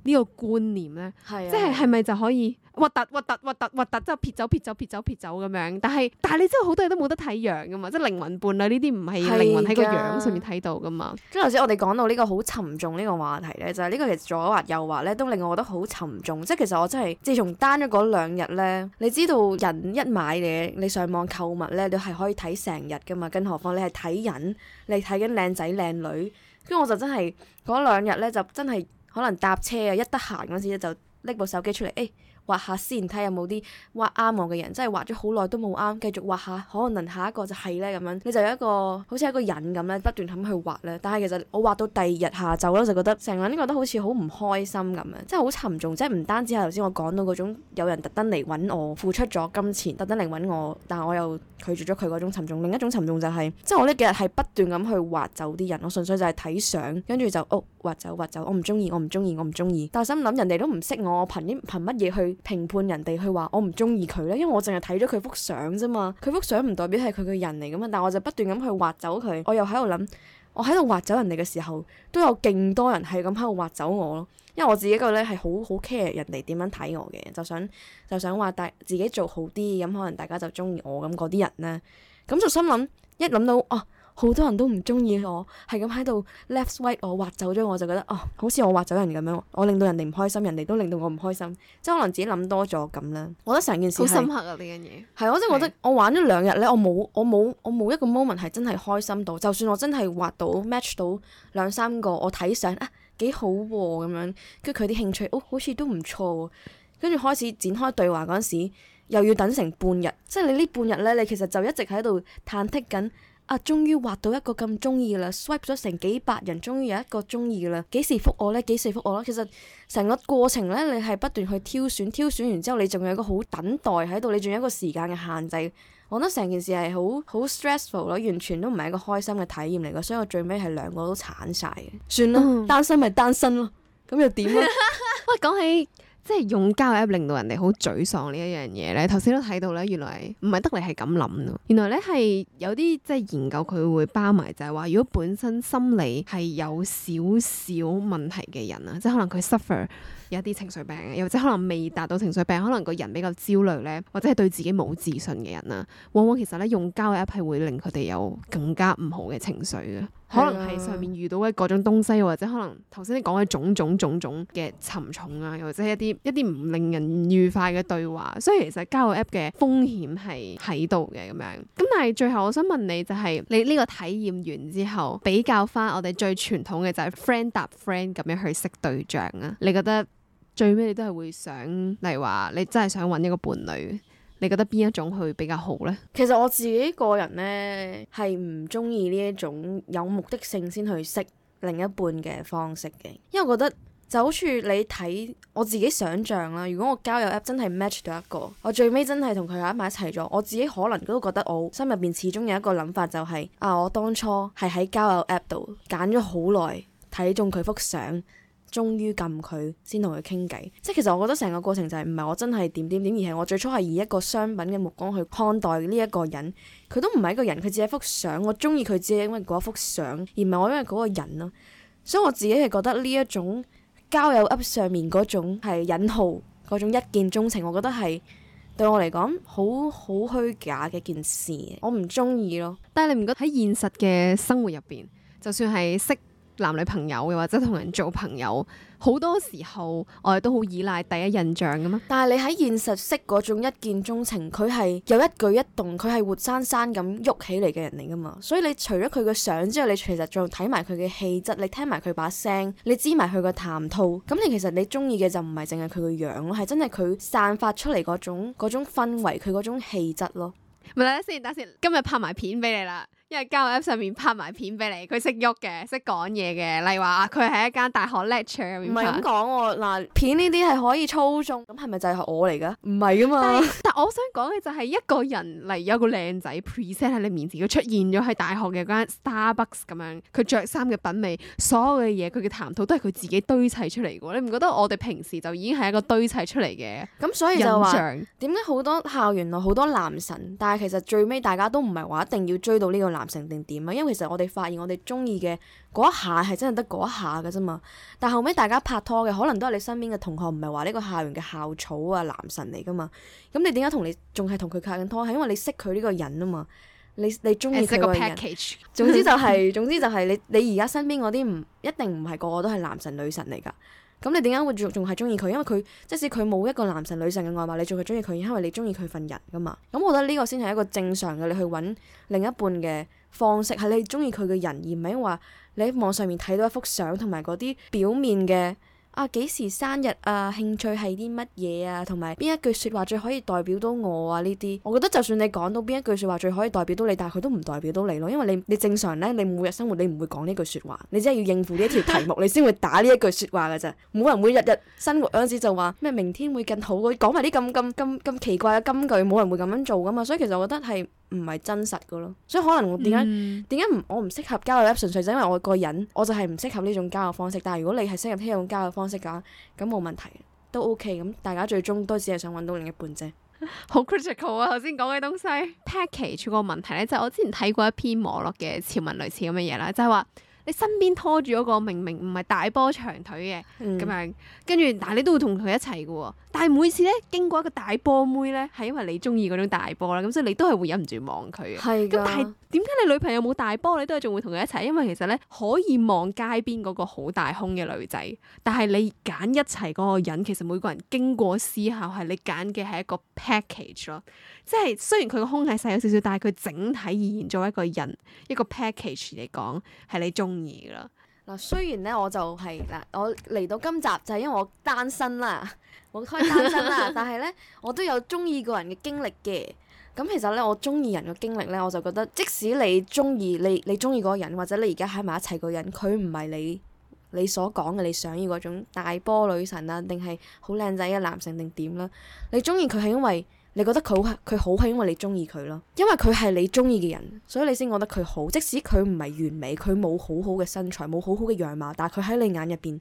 [SPEAKER 1] 呢個觀念咧，即係係咪就可以核突核突核突核突，即係撇走撇走撇走撇走咁樣？但係但係你
[SPEAKER 2] 真係好多嘢都冇得睇樣噶嘛，即係靈魂伴侶呢啲唔係靈魂喺個樣上面睇到噶嘛。即係頭先我哋講到呢個好沉重呢個話題咧，就係、是、呢個其實左滑右滑咧都令我覺得好沉重。即係其實我真係自從單咗嗰兩日咧，你知道人一買嘢，你上網購物咧，你係可以睇成日噶嘛，更何況你係睇人，你睇緊靚仔靚女。跟住我就真係嗰兩日咧，就真係。可能搭車啊，一得閒嗰時咧，就拎部手機出嚟，誒、欸。畫下先，睇有冇啲畫啱我嘅人，即係畫咗好耐都冇啱，繼續畫下，可能下一個就係咧咁樣，你就有一個好似一個人咁咧，不斷咁去畫咧。但係其實我畫到第二日下晝咧，就覺得成個人都覺得好似好唔開心咁樣，即係好沉重。即係唔單止係頭先我講到嗰種有人特登嚟揾我，付出咗金錢，特登嚟揾我，但我又拒絕咗佢嗰種沉重。另一種沉重就係，即係我呢幾日係不斷咁去畫走啲人，我純粹就係睇相，跟住就哦，畫走畫走，我唔中意，我唔中意，我唔中意。但係心諗人哋都唔識我，我憑啲憑乜嘢去評判人哋去話我唔中意佢咧，因為我淨係睇咗佢幅相啫嘛，佢幅相唔代表係佢嘅人嚟噶嘛，但係我就不斷咁去劃走佢，我又喺度諗，我喺度劃走人哋嘅時候，都有勁多人係咁喺度劃走我咯。因為我自己個咧係好好 care 人哋點樣睇我嘅，就想就想話大自己做好啲，咁可能大家就中意我咁嗰啲人咧，咁就心諗，一諗到哦。啊好多人都唔中意我，係咁喺度 left swipe 我劃走咗，我就覺得哦，好似我劃走人咁樣，我令到人哋唔開心，人哋都令到我唔開心，即可能自己諗多咗咁啦。我覺得成件事好深刻
[SPEAKER 1] 啊！呢樣嘢係我真係覺得
[SPEAKER 2] 我玩咗兩日咧，我冇我冇我冇一個 moment 係真係開心到，就算我真係劃到 match 到兩三個，我睇相啊幾好喎，咁樣，跟住佢啲興趣哦好似都唔錯，喎，跟住開始展開對話嗰陣時，又要等成半日，即係你呢半日咧，你其實就一直喺度忐忑緊。啊！終於畫到一個咁中意嘅啦，swipe 咗成幾百人，終於有一個中意嘅啦。幾時覆我咧？幾時覆我咯？其實成個過程咧，你係不斷去挑選，挑選完之後，你仲有一個好等待喺度，你仲有一個時間嘅限制。我覺得成件事係好好 stressful 咯，完全都唔係一個開心嘅體驗嚟㗎，所以我最尾係兩個都鏟晒嘅，算啦， *laughs* 單身咪單身咯，咁又點咧？喂，講起～即係
[SPEAKER 1] 用交友 App 令到人哋好沮喪呢一樣嘢咧，頭先都睇到咧，原來唔係得你係咁諗，原來咧係有啲即係研究佢會包埋，就係話如果本身心理係有少少問題嘅人啊，即係可能佢 suffer。有一啲情緒病嘅，又或者可能未達到情緒病，可能個人比較焦慮咧，或者係對自己冇自信嘅人啊，往往其實咧用交友 app 係會令佢哋有更加唔好嘅情緒嘅，可能係上面遇到嘅各種東西，或者可能頭先你講嘅種種種種嘅沉重啊，又或者係一啲一啲唔令人愉快嘅對話，所以其實交友 app 嘅風險係喺度嘅咁樣。咁但係最後我想問你，就係，就係你呢個體驗完之後，比較翻我哋最傳統嘅就係 friend 搭 friend 咁樣去識對象啊，你覺得？最尾你都係會想，例如話你真係想揾一個伴侶，你覺得邊一種去比較好呢？
[SPEAKER 2] 其實我自己個人呢，係唔中意呢一種有目的性先去識另一半嘅方式嘅，因為我覺得就好似你睇我自己想象啦。如果我交友 app 真係 match 到一個，我最尾真係同佢喺埋一齊咗，我自己可能都覺得我心入邊始終有一個諗法就係、是、啊，我當初係喺交友 app 度揀咗好耐，睇中佢幅相。終於撳佢先同佢傾偈，即係其實我覺得成個過程就係唔係我真係點點點，而係我最初係以一個商品嘅目光去看待呢一個人，佢都唔係一個人，佢只係一幅相，我中意佢只係，因為嗰一幅相，而唔係我因為嗰個人咯。所以我自己係覺得呢一種交友 App 上面嗰種係引號嗰種一見鐘情，我覺得係對我嚟講好好虛假嘅一件事，我唔中意咯。但係你唔覺得喺現
[SPEAKER 1] 實嘅生活入邊，就算係識男女朋友又或者同人做朋友，好多時候我哋都好依賴第一印象噶嘛。
[SPEAKER 2] 但係你喺現實識嗰種一見鍾情，佢係有一舉一動，佢係活生生咁喐起嚟嘅人嚟噶嘛。所以你除咗佢嘅相之外，你其實仲睇埋佢嘅氣質，你聽埋佢把聲，你知埋佢個談吐。咁你其實你中意嘅就唔係淨係佢嘅樣咯，係真係佢散發出嚟嗰種嗰種氛圍，佢嗰種氣質咯。
[SPEAKER 1] 咪啦先，等先，今日拍埋片俾你啦。因為交友 app 上面拍埋片俾你，佢識喐嘅，識講嘢
[SPEAKER 2] 嘅，例如話佢係一間大學 lecture 入面唔係咁講喎，嗱、 *laughs* 啊、片呢啲係可以操縱，咁係咪就係我嚟噶？唔係㗎嘛 *laughs* 但，但我想講嘅就係一個人嚟有個靚
[SPEAKER 1] 仔 present 喺你面前，佢出現咗喺大學嘅間 Starbucks 咁樣，佢着衫嘅品味，所有嘅嘢，佢嘅談吐都係佢自己堆砌出嚟嘅，你唔覺得我哋平時就已經係一個堆砌
[SPEAKER 2] 出嚟嘅？咁所以就話，點解好多校園內好多男神，但係其實最尾大家都唔係話一定要追到呢個？男神定點啊？因為其實我哋發現我哋中意嘅嗰一下係真係得嗰一下噶啫嘛。但後尾大家拍拖嘅可能都係你身邊嘅同學，唔係話呢個校園嘅校草啊男神嚟噶嘛？咁你點解同你仲係同佢拍緊拖？係因為你識佢呢個人啊嘛？你你中意佢個 package *laughs* 總、就是。總之就係總之就係你你而家身邊嗰啲唔一定唔係個個都係男神女神嚟噶。咁你點解會仲仲係中意佢？因為佢即使佢冇一個男神女神嘅外貌，你仲係中意佢，因為你中意佢份人噶嘛。咁我覺得呢個先係一個正常嘅你去揾另一半嘅方式，係你中意佢嘅人，而唔係話你喺網上面睇到一幅相同埋嗰啲表面嘅。啊幾時生日啊？興趣係啲乜嘢啊？同埋邊一句説話最可以代表到我啊？呢啲我覺得就算你講到邊一句説話最可以代表到你，但係佢都唔代表到你咯，因為你你正常呢，你每日生活你唔會講呢句説話，你只係要應付呢一條題目， *laughs* 你先會打呢一句説話嘅咋。冇人會日日生活嗰陣時就話咩明天會更好，講埋啲咁咁咁咁奇怪嘅金句，冇人會咁樣做噶嘛。所以其實我覺得係。唔係真實噶咯，所以可能點解點解唔我唔適、嗯、合交友？咧？純粹就因為我個人，我就係唔適合呢種交友方式。但係如果你係適合呢種交友方式嘅，咁冇問題，都 OK。咁大家最終都只係想揾到另一半啫。
[SPEAKER 1] 好 *laughs* critical 啊！頭先講嘅東西 Package 個問題咧，就係、是、我之前睇過一篇網絡嘅潮文，類似咁嘅嘢啦，就係話。你身邊拖住嗰個明明唔係大波長腿嘅咁樣，嗯、跟住但係你都會同佢一齊㗎喎。但係每次咧經過一個大波妹咧，係因為你中意嗰種大波啦，咁所以你都係會忍唔住望佢嘅。係嘅。點解你女朋友冇大波，你都係仲會同佢一齊？因為其實咧可以望街邊嗰個好大胸嘅女仔，但係你揀一齊嗰個人，其實每個人經過思考，係你揀嘅係一個 package 咯。即係雖然佢個胸係細咗少少，但係佢整體而言作為一個人一個 package 嚟講，係你中意噶啦。
[SPEAKER 2] 嗱，雖然咧我就係、是、啦，我嚟到今集就係、是、因為我單身啦，我開始單身啦， *laughs* 但係咧我都有中意過人嘅經歷嘅。咁其實咧，我中意人嘅經歷咧，我就覺得，即使你中意你你中意嗰個人，或者你而家喺埋一齊嗰人，佢唔係你你所講嘅你想要嗰種大波女神啊，定係好靚仔嘅男性定點咧？你中意佢係因為你覺得佢好，佢好係因為你中意佢咯，因為佢係你中意嘅人，所以你先覺得佢好。即使佢唔係完美，佢冇好好嘅身材，冇好好嘅樣貌，但係佢喺你眼入邊，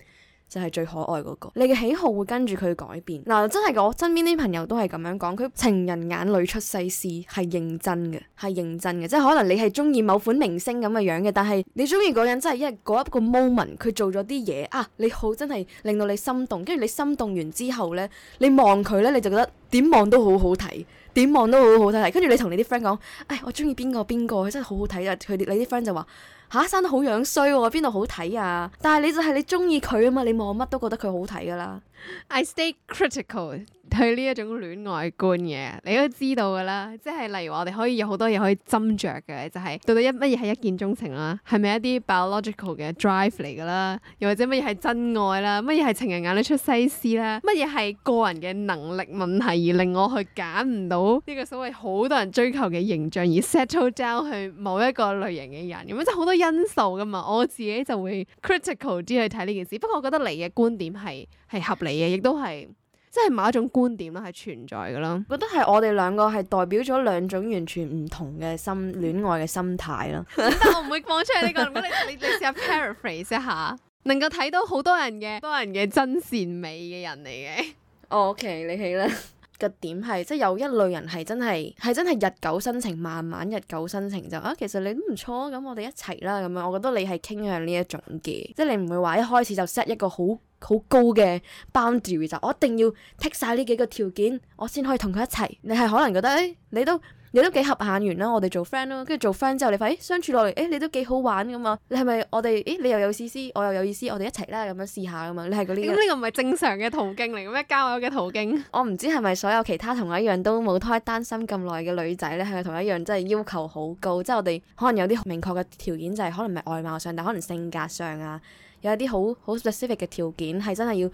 [SPEAKER 2] 就係最可愛嗰個，你嘅喜好會跟住佢改變。嗱，真係我身邊啲朋友都係咁樣講，佢情人眼裏出西施，係認真嘅，係認真嘅。即係可能你係中意某款明星咁嘅樣嘅，但係你中意嗰個人真係因為嗰一個 moment，佢做咗啲嘢啊，你好真係令到你心動。跟住你心動完之後呢，你望佢呢，你就覺得點望都好好睇，點望都好好睇。跟住你同你啲 friend 講，唉，我中意邊個邊個，佢真係好好睇啊！佢哋你啲 friend 就話。嚇，生得好樣衰喎，邊度好睇啊？但係你就係你中意佢啊嘛，你望乜都覺得佢好睇噶啦。I stay critical 睇
[SPEAKER 1] 呢一種戀愛觀嘅，你都知道噶啦，即係例如我哋
[SPEAKER 2] 可以有好多嘢
[SPEAKER 1] 可以斟酌嘅，就係到底一乜嘢係一見鍾情啦，係咪一啲 biological 嘅 drive 嚟噶啦，又或者乜嘢係真愛啦，乜嘢係情人眼裏出西施啦，乜嘢係個人嘅能力問題而令我去揀唔到呢個所謂好多人追求嘅形象而 settle down 去某一個類型嘅人，咁樣即係好多因素噶嘛，我自己就會 critical 啲去睇呢件事。不過我覺得你嘅觀點係。係合理嘅，亦都係即係某
[SPEAKER 2] 一種觀點啦，係存在嘅啦。覺得係我哋兩個係代表咗兩種完全唔同嘅心戀愛嘅心態啦。
[SPEAKER 1] 但 *laughs* *laughs* 我唔會放出去，這、呢個，你你你試下 paraphrase 一
[SPEAKER 2] 下，能夠睇到好多人嘅多人嘅真善美嘅人嚟嘅。哦 OK，你起啦。 *laughs* 個點係，即係有一類人係真係，係真係日久生情，慢慢日久生情就啊，其實你都唔錯啊，咁我哋一齊啦，咁樣，我覺得你係傾向呢一種嘅，即係你唔會話一開始就 set 一個好好高嘅 boundary 就我一定要剔晒呢幾個條件，我先可以同佢一齊，你係可能覺得誒、哎，你都。你都幾合眼緣啦，我哋做 friend 咯，跟住做 friend 之後，你發，相處落嚟，誒你都幾好玩噶嘛，你係咪我哋，誒你又有意思，思，我又有意思，我哋一齊啦，咁樣試下噶嘛，你係嗰啲咁？呢個唔係正常嘅途徑嚟嘅咩？交友嘅途徑？ *laughs* 我唔知係咪所有其他同我一樣都冇拖單身咁耐嘅女仔咧，係咪同我一樣真係要求好高？即係我哋可能有啲明確嘅條件，就係可能唔係外貌上，但可能性格上啊。有一啲好好 specific 嘅條件，係真係要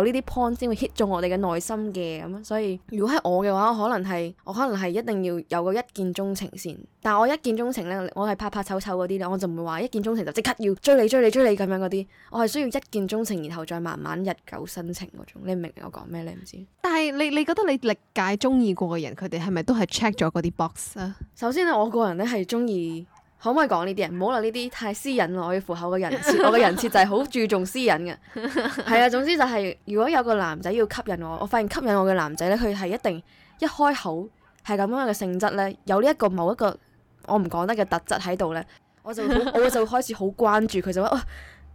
[SPEAKER 2] 有呢啲 point 先會 hit 中我哋嘅內心嘅咁樣，所以如果係我嘅話，我可能係我可能係一定要有個一見鍾情先。但係我一見鍾情咧，我係怕怕醜醜嗰啲咧，我就唔會話一見鍾情就即刻要追你追你追你咁樣嗰啲。我係需要一見鍾情，然後再慢慢日久生情嗰種。你明唔明我講咩？你唔知。
[SPEAKER 1] 但係你你覺得你歷屆鍾意過嘅人，佢哋係咪都係 check 咗嗰啲 box 啊？
[SPEAKER 2] 首先咧，我個人咧係鍾意。可唔可以講呢啲啊？唔好啦，呢啲太私隱啦，我要符合我嘅人設， *laughs* 我嘅人設就係好注重私隱嘅。係啊， *laughs* 總之就係、是，如果有個男仔要吸引我，我發現吸引我嘅男仔咧，佢係一定一開口係咁樣嘅性質咧，有呢一個某一個我唔講得嘅特質喺度咧，
[SPEAKER 1] 我就我就
[SPEAKER 2] 會開始好關注佢， *laughs* 就話哦、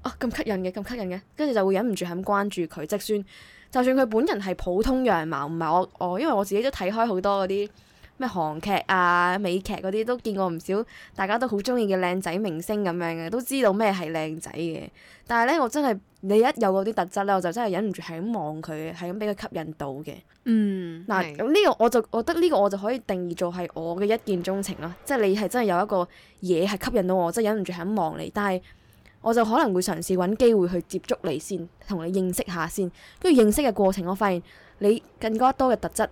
[SPEAKER 2] 哦、咁吸引嘅，咁吸引嘅，跟住就會忍唔住咁關注佢，即算就算佢本人係普通樣貌唔係，我我因為我自己都睇開好多嗰啲。咩韓劇啊、美劇嗰啲都見過唔少，大家都好中意嘅靚仔明星咁樣嘅，都知道咩係靚仔嘅。但係咧，我真係你一有嗰啲特質咧，我就真係忍唔住係咁望佢，係咁俾佢吸引到嘅。嗯，嗱咁呢個我就我覺得呢個我就可以定義做係我嘅一見鍾情囉。即係你係真係有一個嘢係吸引到我，真係忍唔住係咁望你，但係我就可能會嘗試揾機會去接觸你先，同你認識下先。跟住認識嘅過程，我發現你更加多嘅特質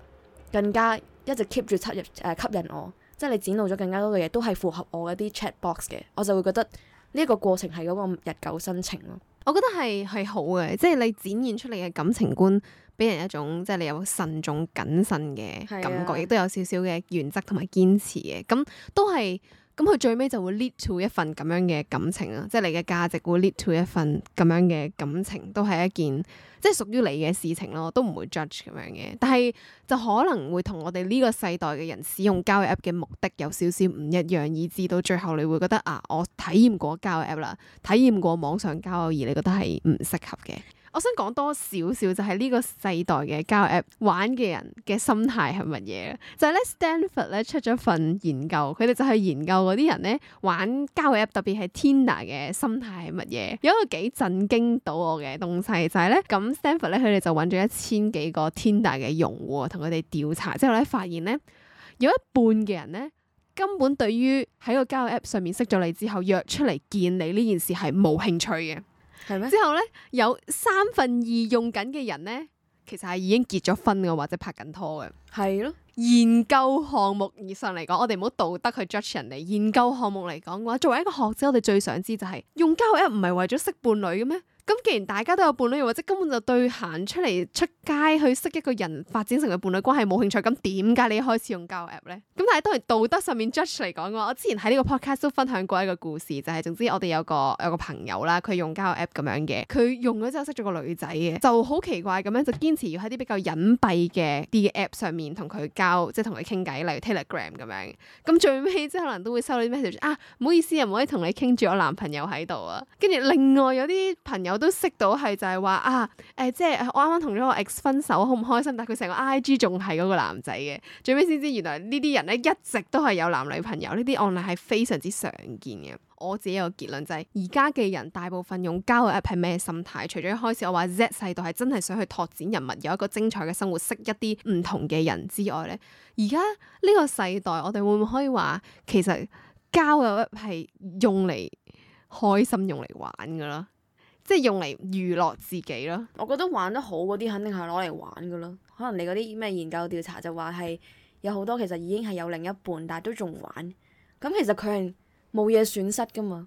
[SPEAKER 2] 更加。一直 keep 住出入誒，吸引我，即係你展露咗更加多嘅嘢，都係符合我一啲 chat box 嘅，我就會覺得呢一個過程係嗰個日久生情咯。我
[SPEAKER 1] 覺得係係好嘅，即係你展現出嚟嘅感情觀，俾人一種即係你有慎重謹慎嘅感覺，啊、亦都有少少嘅原則同埋堅持嘅，咁都係。咁佢最尾就會 lead to 一份咁樣嘅感情啊，即係你嘅價值會 lead to 一份咁樣嘅感情，都係一件即係、就是、屬於你嘅事情咯，我都唔會 judge 咁樣嘅。但係就可能會同我哋呢個世代嘅人使用交友 App 嘅目的有少少唔一樣，以致到最後你會覺得啊，我體驗過交友 App 啦，體驗過網上交友而你覺得係唔適合嘅。我想講多少少就係呢個世代嘅交友 App 玩嘅人嘅心態係乜嘢。就係咧 Stanford 咧出咗份研究，佢哋就去研究嗰啲人咧玩交友 App，特別係 Tinder 嘅心態係乜嘢？有一個幾震驚到我嘅東西就係咧，咁 Stanford 咧佢哋就揾咗一千幾個 Tinder 嘅用戶同佢哋調查，之後咧發現咧有一半嘅人咧根本對於喺個交友 App 上面識咗你之後約出嚟見你呢件事係冇興趣嘅。之後咧，有三分二用緊嘅人咧，其實係已經結咗婚嘅或者拍緊拖嘅。係咯的，研究項目以上嚟講，我哋唔好道德去 judge 人哋。研究項目嚟講嘅話，作為一個學者，我哋最想知就係用交友 app 唔係為咗識伴侶嘅咩？咁既然大家都有伴侶，或者根本就對行出嚟出街去識一個人發展成個伴侶關係冇興趣，咁點解你開始用交友 App 咧？咁但係當然道德上面 judge 嚟講嘅話，我之前喺呢個 podcast 都分享過一個故事，就係總之我哋有個有個朋友啦，佢用交友 App 咁樣嘅，佢用咗之後識咗個女仔嘅，就好奇怪咁樣就堅持要喺啲比較隱蔽嘅啲 App 上面同佢交，即係同佢傾偈，例如 Telegram 咁樣，咁最尾即係可能都會收到啲 message 啊，唔好意思啊，又唔可以同你傾住我男朋友喺度啊。跟住另外有啲朋友。我都識到係就係話啊，誒、呃，即係我啱啱同咗我 ex 分手，好唔開心。但佢成個 I G 仲係嗰個男仔嘅，最尾先知原來呢啲人咧，一直都係有男女朋友。呢啲案例係非常之常見嘅。我自己有個結論就係而家嘅人大部分用交友 app 係咩心態？除咗一開始我話 Z 世代係真係想去拓展人物，有一個精彩嘅生活，識一啲唔同嘅人之外咧，而家呢個世代我哋會唔可以話其實交友 app 係用嚟開心、用嚟玩噶囉？
[SPEAKER 2] 即係用嚟娛樂自己咯。我覺得玩得好嗰啲，肯定係攞嚟玩㗎咯。可能你嗰啲咩研究調查就話係有好多其實已經係有另一半，但係都仲玩。咁其實佢係冇嘢損失㗎嘛，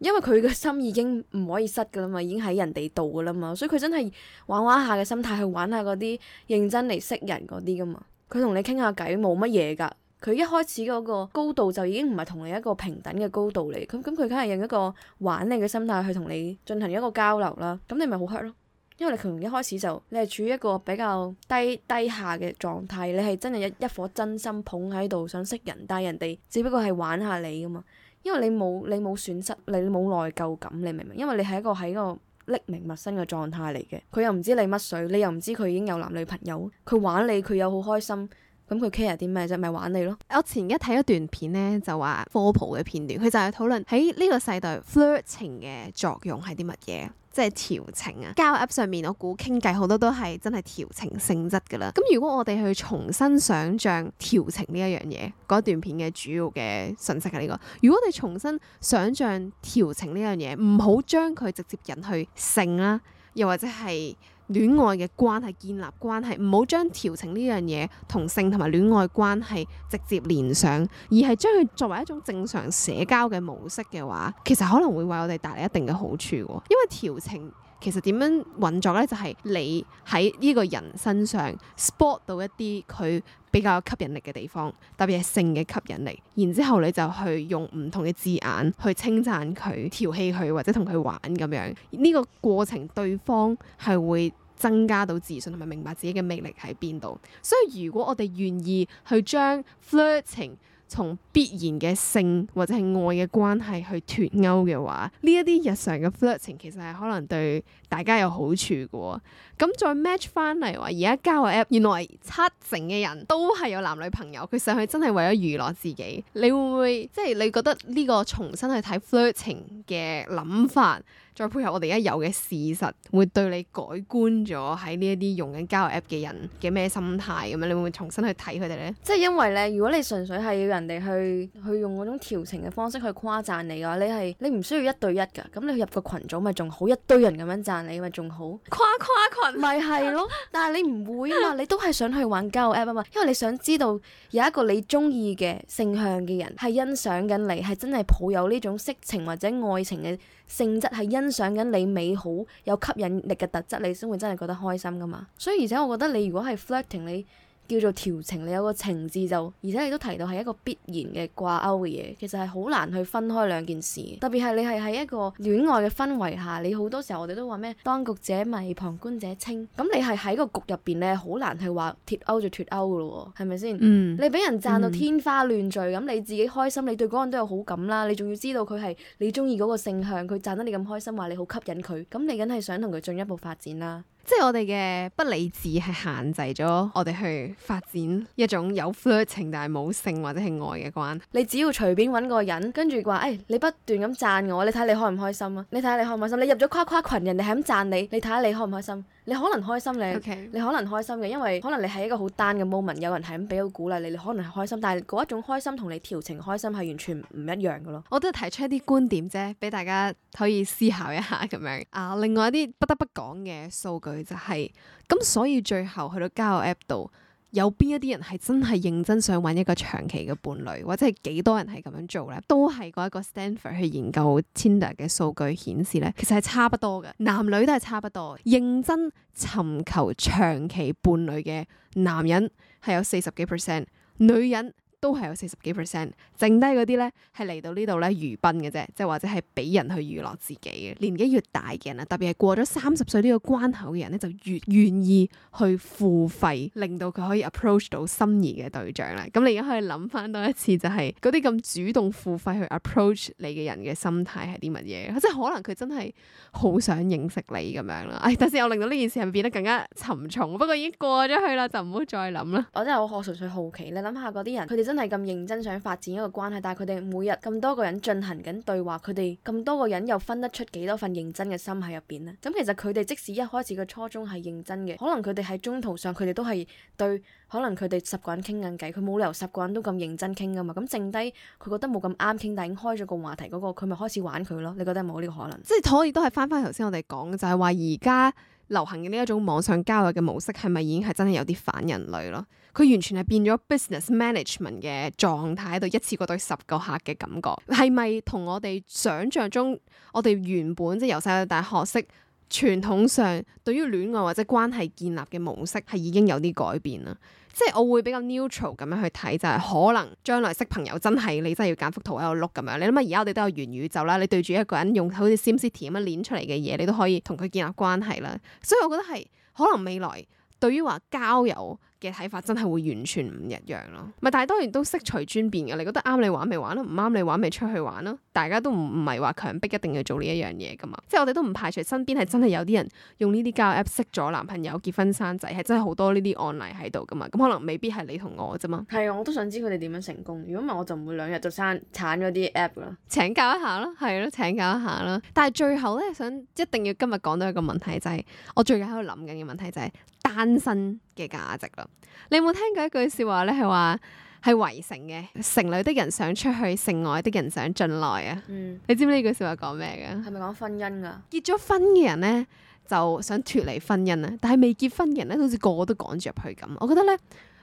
[SPEAKER 2] 因為佢嘅心已經唔可以失㗎啦嘛，已經喺人哋度㗎啦嘛，所以佢真係玩玩下嘅心態去玩下嗰啲認真嚟識人嗰啲㗎嘛。佢同你傾下偈冇乜嘢㗎。佢一開始嗰個高度就已經唔係同你一個平等嘅高度嚟，咁咁佢梗係用一個玩你嘅心態去同你進行一個交流啦。咁你咪好 hurt 咯，因為你從一開始就你係處於一個比較低低下嘅狀態，你係真係一一顆真心捧喺度想識人，但係人哋只不過係玩下你㗎嘛。因為你冇你冇損失，你冇內疚感，你明唔明？因為你係一個喺一個匿名陌生嘅狀態嚟嘅，佢又唔知你乜水，你又唔知佢已經有男女朋友，佢玩你佢又好開心。咁佢 care 啲咩啫？咪、就是、玩你咯！我前一睇一段片
[SPEAKER 1] 咧，就話科普嘅片段，佢就係討論喺呢個世代 flirting 嘅作用係啲乜嘢，即係調情啊，交友 app 上面我估傾偈好多都係真係調情性質噶啦。咁如果我哋去重新想象調情呢一樣嘢，嗰段片嘅主要嘅信息係呢個。如果你重新想象調情呢樣嘢，唔好將佢直接引去性啦、啊，又或者係。戀愛嘅關係建立關係，唔好將調情呢樣嘢同性同埋戀愛關係直接連上，而係將佢作為一種正常社交嘅模式嘅話，其實可能會為我哋帶嚟一定嘅好處。因為調情其實點樣運作咧，就係你喺呢個人身上 spot 到一啲佢比較有吸引力嘅地方，特別係性嘅吸引力，然之後你就去用唔同嘅字眼去稱讚佢、調戲佢或者同佢玩咁樣。呢個過程對方係會增加到自信同埋明白自己嘅魅力喺邊度，所以如果我哋願意去將 flirting 從必然嘅性或者係愛嘅關係去脫勾嘅話，呢一啲日常嘅 flirting 其實係可能對大家有好處嘅。咁再 match 翻嚟話，而家交友 app 原來七成嘅人都係有男女朋友，佢上去真係為咗娛樂自己。你會唔會即係、就是、你覺得呢個重新去睇 flirting 嘅諗法？再配合我哋而家有嘅事實，會對你改觀咗喺呢一啲用緊交友 App 嘅人嘅咩
[SPEAKER 2] 心態咁樣？你會唔會重新去睇佢哋咧？即係因為咧，如果你純粹係要人哋去去用嗰種調情嘅方式去誇讚你嘅話，你係你唔需要一對一㗎。咁你入個群組咪仲好一堆人咁樣讚你，咪仲好。誇誇群咪係咯。 *laughs* 但係你唔會啊嘛，你都係想去玩交友 App 啊嘛，因為你想知道有一個你鍾意嘅性向嘅人係欣賞緊你，係真係抱有呢種色情或者愛情嘅。性質係欣賞緊你美好有吸引力嘅特質，你先會真係覺得開心㗎嘛。所以而且我覺得你如果係 flirting，你。叫做調情，你有個情字就，而且你都提到係一個必然嘅掛鈎嘅嘢，其實係好難去分開兩件事，特別係你係喺一個戀愛嘅氛圍下，你好多時候我哋都話咩，當局者迷，旁觀者清，咁你係喺個局入邊咧，好難去話脱鈎就脱鈎噶咯喎，係咪先？你俾、嗯、人讚到天花亂墜，咁、嗯、你自己開心，你對嗰人都有好感啦，你仲要知道佢係你鍾意嗰個性向，佢讚得你咁開心，話你好吸引佢，咁你梗係想同佢進一步發展啦。
[SPEAKER 1] 即係我哋嘅不理智係限制咗
[SPEAKER 2] 我哋去發展一種有 flirting，但係冇性或者係愛嘅關係。你只要隨便揾個人，跟住話誒，你不斷咁讚我，你睇下你開唔開心啊？你睇下你開唔開心？你入咗誇誇群，人哋係咁讚你，你睇下你開唔開心？你可能開心，你 Okay. 你可能開心嘅，因為可能你係一個好 down 嘅 moment，有人係咁俾個鼓勵你，你可能係開心。但係嗰一種開心同你調情開心係完全唔一樣嘅咯。我都係提出一啲觀點啫，俾大家可以思考一下咁樣。
[SPEAKER 1] 啊，另外一啲不得不講嘅數據。佢就係咁，所以最後去到交友 App 度，有邊一啲人係真係認真想揾一個長期嘅伴侶，或者係幾多人係咁樣做呢？都係嗰一個 Stanford 去研究 Tinder 嘅數據顯示呢，其實係差不多嘅，男女都係差不多認真尋求長期伴侶嘅男人係有四十幾 percent，女人。都係有四十幾 percent，剩低嗰啲咧係嚟到呢度咧娛賓嘅啫，即係或者係俾人去娛樂自己嘅。年紀越大嘅人啊，特別係過咗三十歲呢個關口嘅人咧，就越願意去付費，令到佢可以 approach 到心儀嘅對象啦。咁你而家可以諗翻多一次，就係，就係嗰啲咁主動付費去 approach 你嘅人嘅心態係啲乜嘢？即係可能佢真係好想認識你咁樣啦。唉、哎，但
[SPEAKER 2] 是又令到呢件事係變得更加沉重。不過已經過咗去啦，就唔好再諗啦。我真係我純粹好奇，你諗下嗰啲人，佢哋真。真係咁認真想發展一個關係，但係佢哋每日咁多個人進行緊對話，佢哋咁多個人又分得出幾多份認真嘅心喺入邊咧？咁其實佢哋即使一開始嘅初衷係認真嘅，可能佢哋喺中途上佢哋都係對，可能佢哋十個人都傾緊偈，佢冇理由十個人都咁認真傾噶嘛。咁剩低佢覺得冇咁啱傾，但已經開咗個話題嗰個，佢咪開始玩佢咯？你覺得有冇呢個可能？
[SPEAKER 1] 即係可以都係翻翻頭先我哋講嘅，就係話而家。流行嘅呢一種網上交友嘅模式係咪已經係真係有啲反人類咯？佢完全係變咗 business management 嘅狀態，喺度一次過對十個客嘅感覺，係咪同我哋想像中我哋原本即係由細到大學識？傳統上對於戀愛或者關係建立嘅模式係已經有啲改變啦，即係我會比較 neutral 咁樣去睇就係、是、可能將來識朋友真係你真係要揀幅圖喺度碌咁樣，你諗下而家我哋都有元宇宙啦，你對住一個人用好似 SimCity 咁樣練出嚟嘅嘢，你都可以同佢建立關係啦，所以我覺得係可能未來對於話交友嘅睇法真係會完全唔一樣咯，咪但係當然都悉隨尊便嘅。你覺得啱你玩咪玩咯，唔啱你玩咪出去玩咯。大家都唔唔係話強迫一定要做呢一樣嘢噶嘛。即係我哋都唔排除身邊係真係有啲人用呢啲交友 app 識咗男朋友結婚生仔，係真係好多呢啲案例喺度噶嘛。咁可能未必係你同我啫嘛。
[SPEAKER 2] 係啊，我都想知佢哋點樣成功。如果唔係我就唔會兩日就刪
[SPEAKER 1] 鏟咗啲 app 啦。請教一下咯，係咯，請教一下啦。但係最後咧，想一定要今日講到一個問題就係，我最近喺度諗緊嘅問題就係單身嘅價值啦。你有冇聽過一句說話咧？係話係圍城嘅，城內的人想出去，城外的人想進來啊。嗯、你知唔知呢句說話講咩嘅？係
[SPEAKER 2] 咪講婚姻噶？
[SPEAKER 1] 結咗婚嘅人咧就想脫離婚姻啊，但係未結婚嘅人咧好似個個都趕住入去咁。我覺得咧，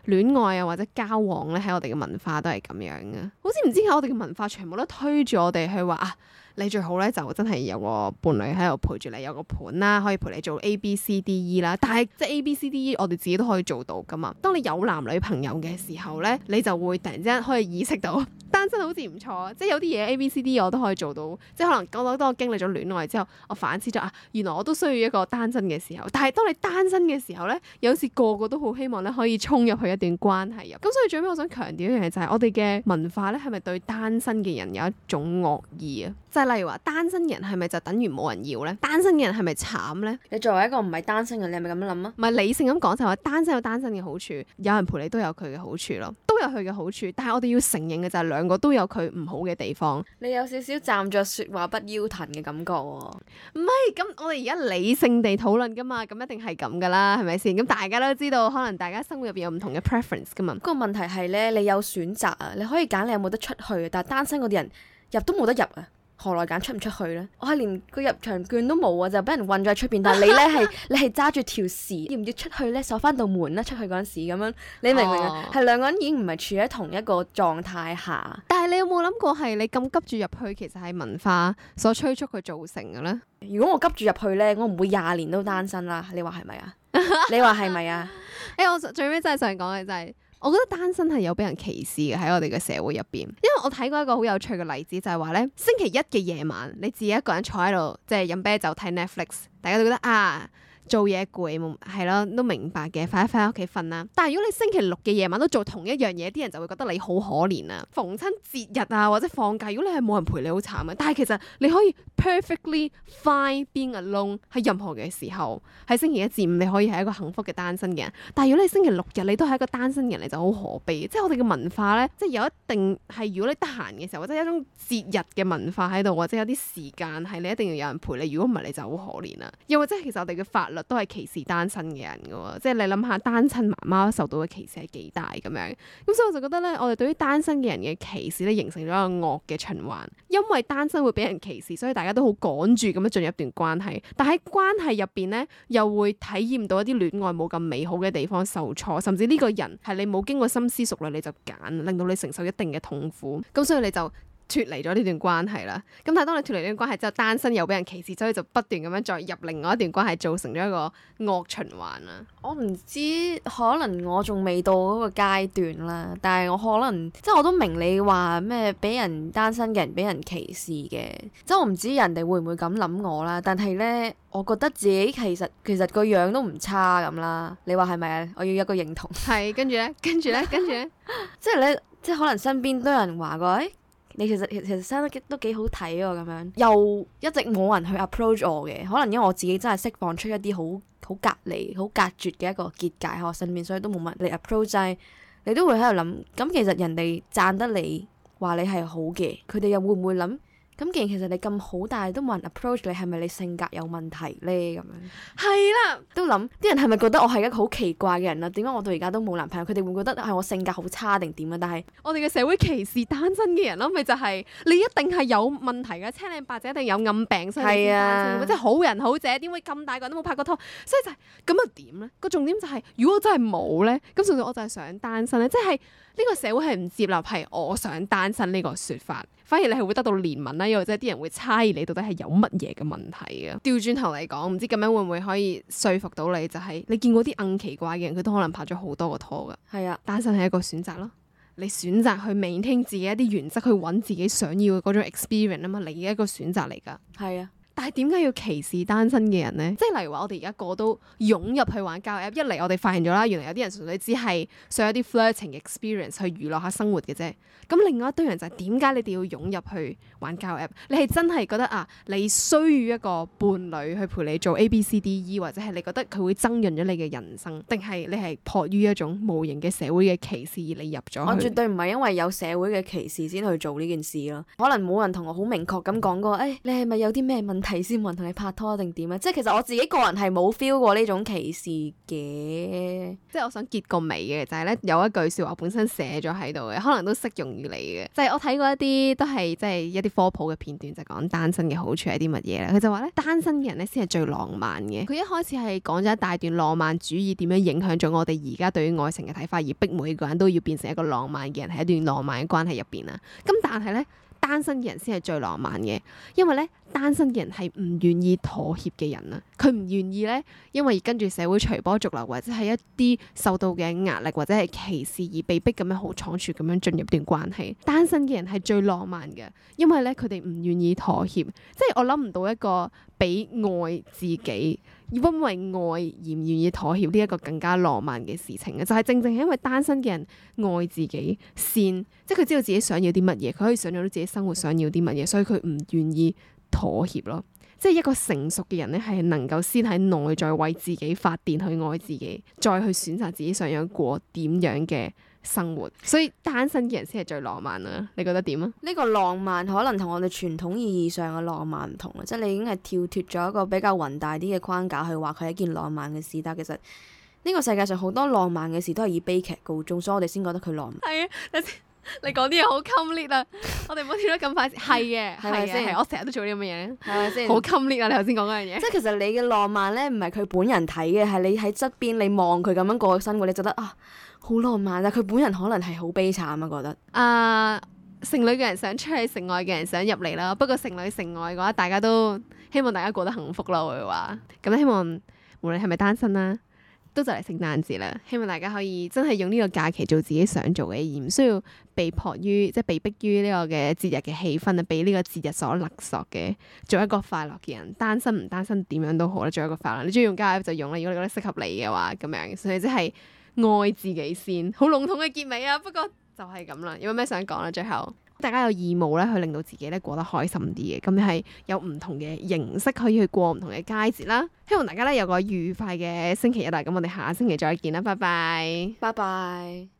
[SPEAKER 1] 戀愛啊或者交往咧喺我哋嘅文化都係咁樣嘅，好似唔知喺我哋嘅文化全部都推住我哋去話啊。你最好咧就真係有個伴侶喺度陪住你，有個盤啦，可以陪你做 A B, C, D,、E,、就是、A, B、C、D、E 啦。但係即 A、B、C、D、E，我哋自己都可以做到噶嘛。當你有男女朋友嘅時候咧，你就會突然之間可以意識到。單身好似唔錯啊，即係有啲嘢 A、B、C、D 我都可以做到，即係可能我當我經歷咗戀愛之後，我反思咗啊，原來我都需要一個單身嘅時候。但係當你單身嘅時候咧，有時個個都好希望咧可以衝入去一段關係入。咁所以最尾我想強調一樣嘢就係我哋嘅文化咧，係咪對單身嘅人有一種惡意啊？即係例如話單身嘅人係咪就等於冇人要咧？單身嘅人係咪慘咧？
[SPEAKER 2] 你作為一個唔係單身嘅人，你係咪咁樣諗
[SPEAKER 1] 啊？唔係理性咁講就話單身有單身嘅好處，有人陪你都有佢嘅好處咯。都有佢嘅好處，但係我哋要承認嘅就係兩個都有佢唔好嘅地方。
[SPEAKER 2] 你有少少站着説話不腰疼嘅感覺喎。哦？唔係，咁我
[SPEAKER 1] 哋而家理性地討論㗎嘛，咁一定係咁㗎啦，係咪先？咁大家都知道，可能大家生活
[SPEAKER 2] 入邊有唔同嘅 preference 㗎嘛。嗰個問題係咧，你有選擇啊，你可以揀你有冇得出去，但係單身嗰啲人入都冇得入啊。何來揀出唔出去咧？我係連個入場券都冇啊，就俾人韞咗喺出邊。但係你咧係你係揸住條匙，要唔要出去咧？鎖翻道門啦，出去嗰陣時咁樣，你明唔明啊？係兩個人已經唔係處喺同一個狀態下。但係你有冇諗
[SPEAKER 1] 過係你咁急住入去，其實係文化所催促佢造成嘅咧？如果我急住入去
[SPEAKER 2] 咧，我唔會廿年都單身啦。你話係咪啊？ *laughs* 你話係咪啊？誒、 *laughs* 欸，我最尾真係想講嘅就係、是。
[SPEAKER 1] 我覺得單身係有俾人歧視嘅。喺我哋嘅社會入邊，
[SPEAKER 2] 因為我睇過一個好
[SPEAKER 1] 有趣嘅例子，就係話咧星期一嘅夜晚，你自己一個人坐喺度，即係飲啤酒睇 Netflix，大家都覺得啊，做嘢攰，係咯，都明白嘅，快啲翻屋企瞓啦。但係如果你星期六嘅夜晚都做同一樣嘢，啲人就會覺得你好可憐啊。逢親節日啊，或者放假，如果你係冇人陪你好慘啊。但係其實你可以 perfectly fine being alone 喺任何嘅時候，喺星期一至五你可以係一個幸福嘅單身嘅人。但係如果你星期六日你都係一個單身人，你就好可悲。即係我哋嘅文化咧，即係有一定係，如果你得閒嘅時候，或者有一種節日嘅文化喺度，或者有啲時間係你一定要有人陪你。如果唔係，你就好可憐啊。又或者其實我哋嘅法律。都係歧視單身嘅人㗎、喎，即係你諗下，單親媽媽受到嘅歧視係幾大咁樣，咁、嗯、所以我就覺得咧，我哋對於單身嘅人嘅歧視咧，形成咗一個惡嘅循環。因為單身會俾人歧視，所以大家都好趕住咁樣進入一段關係，但喺關係入邊咧，又會體驗到一啲戀愛冇咁美好嘅地方，受挫，甚至呢個人係你冇經過深思熟慮你就揀，令到你承受一定嘅痛苦，咁、嗯、所以你就。脱離咗呢段關係啦，咁但係當你脱離呢段關係之後，單身又俾人歧視，所以就不斷咁樣再入另外一段關係，造成咗一個惡循環啦。
[SPEAKER 2] 我唔知，可能我仲未到嗰個階段啦，但係我可能即係我都明你話咩俾人單身嘅人俾人歧視嘅，即係我唔知人哋會唔會咁諗我啦。但係咧，我覺得自己其實其實個樣都唔差咁啦。你話係咪啊？我要一個認同。係，跟住咧，跟住咧，跟住咧，即係咧，即係可能身邊都有人話過。你其實其實生得都幾好睇喎，咁樣又一直冇人去 approach 我嘅，可能因為我自己真係釋放出一啲好好隔離、好隔絕嘅一個結界喺我身邊，所以都冇乜人嚟 approach 曬，你都會喺度諗，咁其實人哋讚得你話你係好嘅，佢哋又會唔會諗？咁既然其實你咁好，但係都冇人 approach 你，係咪你性格有問題咧？咁樣係啦，都諗啲人係咪覺得我係一個好奇怪嘅人啊？點解我到而家都冇男朋友？佢哋會覺得係我性格好差定點啊？但係
[SPEAKER 1] 我哋嘅社會歧視單身嘅人咯，咪就係、是、你一定係有問題嘅，青靚白淨一定有暗病先啊，即係好人好姐點會咁大個人都冇拍過拖？所以就咁又點咧？個重點就係、是、如果我真係冇咧，咁其實我就係想單身咧，即係呢、這個社會係唔接納係我想單身呢個說法，反而你係會得到憐憫咧。即者啲人會猜你到底係有乜嘢嘅問題啊？調轉頭嚟講，唔知咁樣會唔會可以說服到你？就係、是、你見過啲硬奇怪嘅人，佢都可能拍咗好多嘅拖噶。係啊，單身係一個選擇咯。你選擇去明聽自己一啲原則，去揾自己想要嘅嗰種 experience 啊嘛，你嘅一個選擇嚟噶。係啊。但係點解要歧視單身嘅人咧？即係例如話我哋而家個個都湧入去玩交友 App，一嚟，我哋發現咗啦，原嚟有啲人純粹只係想一啲 flirting experience 去娛樂下生活嘅啫。咁另外一堆人就係點解你哋要湧入去玩交友 App？你係真係覺得啊，你需要一個伴侶去陪你做 A B C D E，或者係你覺得佢會增潤咗你嘅人生，定係你係迫於一種無
[SPEAKER 2] 形嘅社會嘅歧視而你入咗？我絕對唔係因為有社會嘅歧視先去做呢件事咯。可能冇人同我好明確咁講過，誒、哎，你係咪有啲咩問題？歧視我同你拍拖定點啊？即係其實我自己個人係冇 feel 過呢種歧視嘅，即係我想結個尾
[SPEAKER 1] 嘅就係咧有一句說話本身寫咗喺度嘅，可能都適用於你嘅。就係我睇過一啲都係即係一啲科普嘅片段，就講單身嘅好處係啲乜嘢咧？佢就話咧單身嘅人咧先係最浪漫嘅。佢一開始係講咗一大段浪漫主義點樣影響咗我哋而家對於愛情嘅睇法，而逼每個人都要變成一個浪漫嘅人喺一段浪漫嘅關係入邊啦。咁但係咧單身嘅人先係最浪漫嘅，因為咧。單身嘅人係唔願意妥協嘅人啊，佢唔願意咧，因為跟住社會隨波逐流，或者係一啲受到嘅壓力或者係歧視而被逼咁樣好倉促咁樣進入一段關係。單身嘅人係最浪漫嘅，因為咧佢哋唔願意妥協，即係我諗唔到一個比愛自己，因為愛而唔願意妥協呢一個更加浪漫嘅事情啊！就係正正係因為單身嘅人愛自己先，即係佢知道自己想要啲乜嘢，佢可以想象到自己生活想要啲乜嘢，所以佢唔願意。妥協咯，即係一個成熟嘅人咧，係能夠先喺內在為自己發電去愛自己，再去選擇自己想要過
[SPEAKER 2] 點樣嘅生活。所以單身嘅人先係最浪漫啊，你覺得點啊？呢個浪漫可能同我哋傳統意義上嘅浪漫唔同啊。即係你已經係跳脱咗一個比較宏大啲嘅框架去話佢係一件浪漫嘅事，但係其實呢個世界上好多浪漫嘅事都係以悲劇告終，所以我哋先覺得佢浪
[SPEAKER 1] 漫。係啊，但你講啲嘢好 complicated 啊！ *laughs* 我哋唔好跳得咁快。係嘅，係咪先？我成日都做啲咁嘅嘢，係咪先？好 complicated 啊！你頭先
[SPEAKER 2] 講嗰樣嘢，即係其實你嘅浪漫咧，唔係佢本人睇嘅，係你喺側邊你望佢咁樣過生活，你覺得啊好浪漫，但佢本人可能係好悲慘啊，覺得。
[SPEAKER 1] 啊、呃，城內嘅人想出去，城外嘅人想入嚟啦。不過城內城外嘅話，大家都希望大家過得幸福咯。我會話咁希望，無論係咪單身啦、啊。都就嚟聖誕節啦，希望大家可以真係用呢個假期做自己想做嘅嘢，唔需要被迫於即係被逼於呢個嘅節日嘅氣氛啊，被呢個節日所勒索嘅，做一個快樂嘅人。單身唔單身點樣都好啦，做一個快樂。你鍾意用交友就用啦，如果你覺得適合你嘅話，咁樣所以即係愛自己先。好籠統嘅結尾啊，不過就係咁啦。有咩想講呀？最後。大家有義務咧去令到自己咧過得開心啲嘅，咁你係有唔同嘅形式可以去過唔同嘅佳節啦。希望大家咧有個愉快嘅星期一啦，咁我哋下個星期再見啦，拜拜，拜拜。